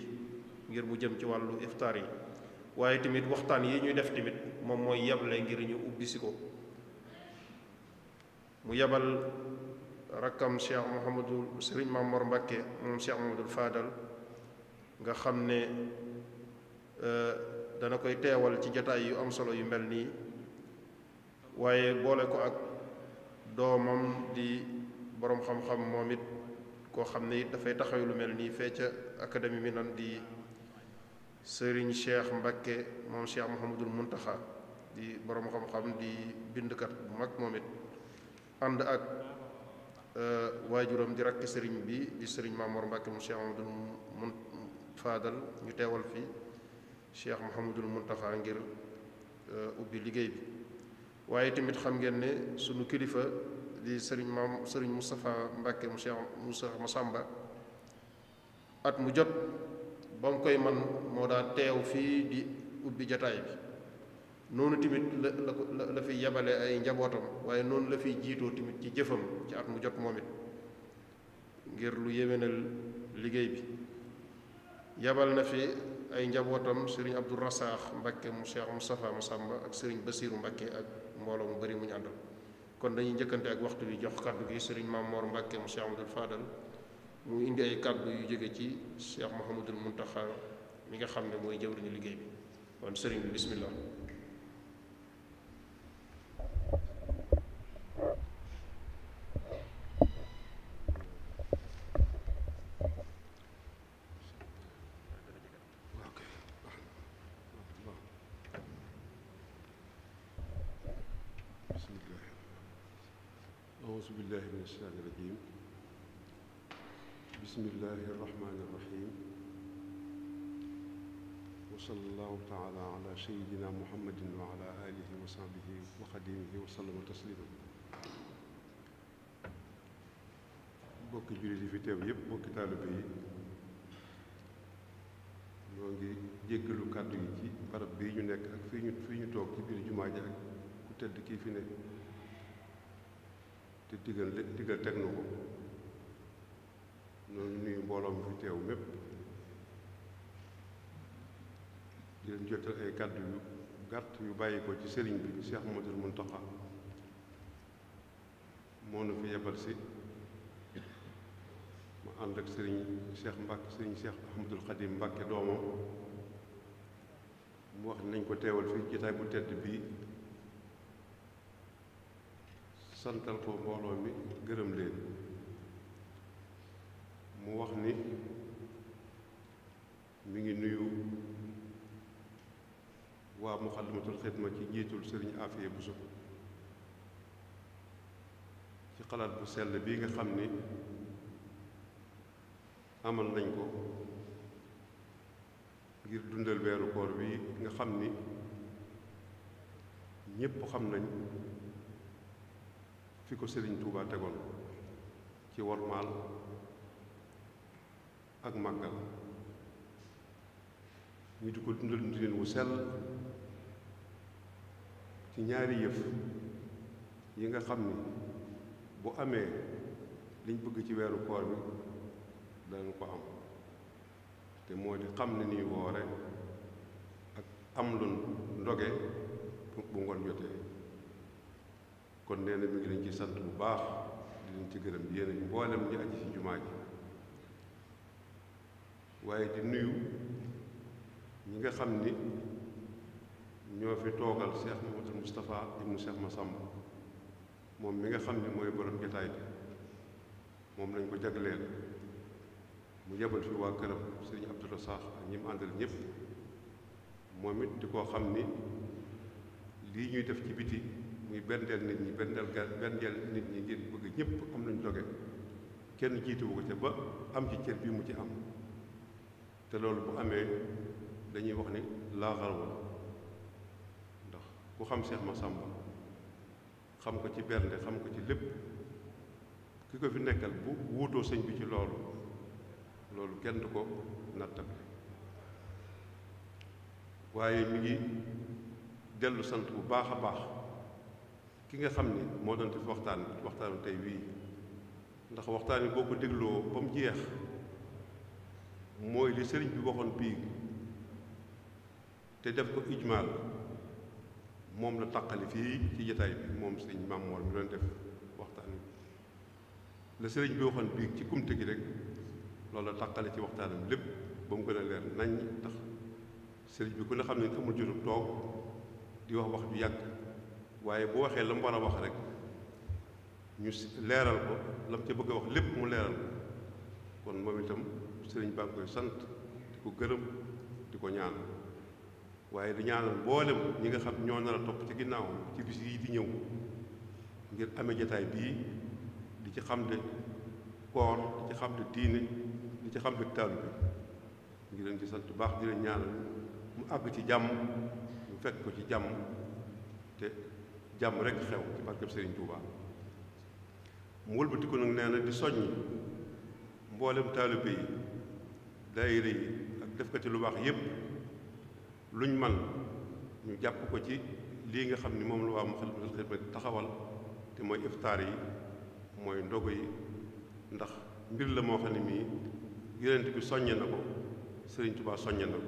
ngir mu jëm ci wàllu iftaar yi waaye tamit waxtaan yi ñuy def tamit moom mooy yeble ngir ñu ubbi ko mu yebal rakkam cheikh Mouhamadul Serigne Mamor Mbakke moom cheikh Mouhamadul Fadal nga xam ne euh, dana koy teewal ci jataay yu am solo yu mel nii waaye boole ko ak doomam di boroom xam-xam moom it koo xam ne it dafay taxaw lu mel nii fee ca mi nan di. sëriñ cheikh mbakke moom cheikh mohamadul muntaxa di borom xam-xam di bindkat bu mag moom it ànd ak euh, waajuram di rakki sëriñ bi di sëriñ maamoor mbakke moom cheikh mohamadul ñu teewal fi cheikh mohamadul muntaxa ngir euh, ubbi liggéey bi waaye tamit xam ngeen ne sunu kilifa di sëriñ maam sëriñ moustapha mbakke mu cheikh moussa masamba at mu jot ba koy man moo daa teew fii di ubbi jataay bi noonu tamit la la la fi yebale ay njabootam waaye noonu la fiy jiitoo tamit ci jëfam ci at mu jot moom it ngir lu yéwénal liggéey bi yebal na fi ay njabootam sëriñ Abdou Rassaax Mbakke mu Cheikh Moustapha Massamba ak sëriñ Basiiru Mbakke ak mbooloo mu bari mu ñu àndal kon dañuy njëkkante ak waxtu wi jox kàddu ki sëriñ Maam Mor Mbakke mu Cheikh Amadou mu indi ay kàddu yu jóge ci Cheikh Mouhamadul Muntaxa mi nga xam ne mooy jëwriñu liggéey bi kon sëriñ bi bismillah أعوذ بالله من الشيطان الرجيم bismillahi irrahmani irrahim wa sallallahu taala ala sayidina muhammadin wa ala alihi wa sahbihi wa xadimihi wa sallama taslima bokki jullit yi fi teew yépp bokki taalibe yi ñoo ngi jéggalu kàddu yi ci barab bii ñu nekk ak fii ñu fii ñu toog ci biir jumaa ji ak ku tedd kii fi ne te digal digal teg na ko noonu nuyu mbooloo mi fi teew mépp di leen jotal ay kàddu yu gàtt yu bàyyi ko ci sëriñ bi Cheikh Mouhamadoul Mountakha moo nu fi yebal si mu ànd ak sëriñ Cheikh Mbàkke sëriñ Cheikh Ahmadul Xadim Mbàkke doomam mu wax nañ ko teewal fii jotaay bu tedd bii santal ko mbooloo mi gërëm leen mu wax ni mu ngi nuyu waa muxaddamatul ma ci njiitul sëriñ Afiya Buso ci xalaat bu sell bii nga xam ni amal nañ ko ngir dundal weeru koor bii nga xam ni ñépp xam nañ fi ko sëriñ Tuubaa tegoon ci wormaal ak màggal ñu di ko dundal dundin wu sell ci ñaari yëf yi nga xam ni bu amee liñ bëgg ci weeru koor bi danañ ko am te moo di xam ne nii woore ak am lu ndoge bu ngoon jotee kon nee na mi ngi leen ci sant bu baax di leen ci gërëm yéen mboolem ñi aji ci jumaa ji waaye di nuyu ñi nga xam ni ñoo fi toogal Cheikh Mouhamadou Moustapha ibnu ma Massamba moom mi nga xam ni mooy borom jataay bi moom lañ ko jagleel mu yebal fi waa këram sëriñ Abdoulaye Saax ak ñi àndal ñëpp moom it di koo xam ni lii ñuy def ci biti muy bendeel nit ñi bendeel ga bendeel nit ñi ngeen bëgg ñëpp am nañ doge kenn jiituwu ko ca ba am ci cër bi mu ci am te loolu bu amee dañuy wax ni laa xarwa ndax ku xam Seex Masàmba xam ko ci bernde xam ko ci lépp ki ko fi nekkal bu wuutoo sëñ bi ci loolu loolu kenn du ko nattable waaye mi ngi dellu sant bu baax a baax ki nga xam ni moo doon def waxtaan waxtaanu tey wii ndax waxtaan wi boo ko dégloo ba mu jeex mooy li sëriñ bi waxoon bii te def ko ijmaal moom la taqali fii ci jataay bi moom sëriñ maam moor doon def waxtaan wi la sëriñ bi waxoon bii ci kumte gi rek loolu la taqale ci waxtaanam lépp ba mu gën a leer nañ tax sëriñ bi ku ne xam ne amul jotu toog di wax wax ju yàgg waaye bu waxee la mu war a wax rek ñu leeral ko la mu ca bëgg a wax lépp mu leeral ko kon moom itam sëriñ baa koy sant di ko gërëm di ko ñaan waaye di ñaanal mboolem ñi nga xam ñoo nar a topp ci ginnaawam ci bis yi di ñëw ngir ame jataay bii di ci xam de koor di ci xam de diine di ci xam de taalu bi ngi leen di sant baax di leen ñaanal mu àgg ci jàmm mu fekk ko ci jàmm te jàmm rekk xew ci barkeb sëriñ Tuuba mu wëlbatiku nag nee na di soññ mboolem taalibe yi daayira yi ak def ko ci lu baax yépp luñ man ñu jàpp ko ci lii nga xam ni moom la waa Moukhaddamatoul Khidma taxawal te mooy iftaar yi mooy ndogu yi ndax mbir la moo xam ne mii yonent bi soññe na ko Sëriñ Tuubaa soññe na ko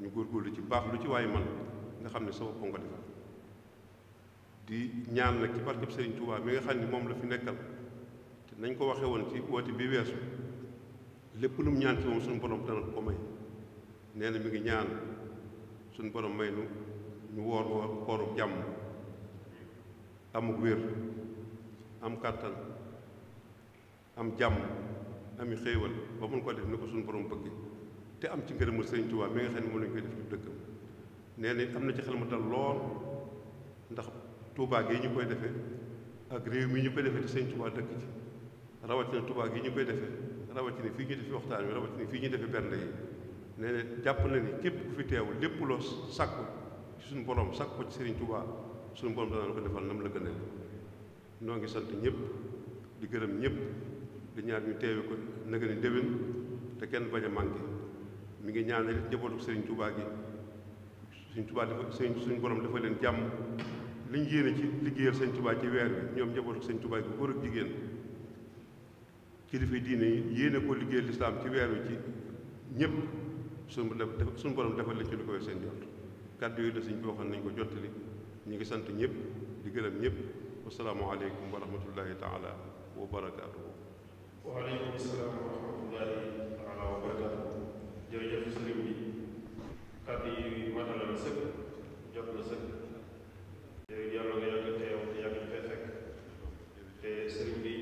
ñu góorgóorlu ci baax lu ci waay man nga xam ne sa bopp nga di ñaan na ci barkeb Sëriñ Tuubaa mi nga xam ni moom la fi nekkal te nañ ko waxe woon ci woote bi weesu lépp lu mu ñaan ci moom suñu borom dana ko may nee na mi ngi ñaan suñ borom may nu ñu woor woor kooru jàmm amuk wér am kàttan am jàmm ami xéewal ba mun ko def ni ko suñu borom bëgge te am ci ngërëmal Sëriñ Tuubaa mi nga xam ne moom lañu koy def ci dëkkam nee na am na ci xel mu dal lool ndax Tuubaa gi ñu koy defe ak réew mi ñu koy defee te Sëriñ Tuubaa dëkk ci rawatina Tuubaa gi ñu koy defee rawatina fii ñu defee waxtaan wi rawatina fii ñu def bernde yi nee na jàpp na ni képp ku fi teew lépp loo sàkku suñu borom sàkku ko ci Serigne Touba suñu borom dana la ko defal nam la gën noo ngi sant ñëpp di gërëm ñëpp di ñaar ñu teewe ko naka ni te kenn bañ a manqué mi ngi ñaanal it njabootu Serigne Touba gi suñ Touba dafa suñ suñu borom dafa leen jàmm liñ yéene ci liggéeyal Sëñ Touba ci weer bi ñoom njabootu Sëñ Touba gi góor ak jigéen. kilifa diine yi yéene ko liggéey lislaam ci weeru ci ñëpp suñu suñu borom defal lañ ci lu koy seen jot kàddu yooyu la suñ bi waxoon ko jottali ñu ngi sant ñëpp di gërëm ñëpp wasalaamualeykum wa rahmatullahi taala wa barakaatuhu waaleykum salaam wa rahmatullahi taala wa barakaatuhu jërëjëf sëriñ bi kàddu yi na sëkk jot na sëkk yàlla nga yàgg teew te yàgg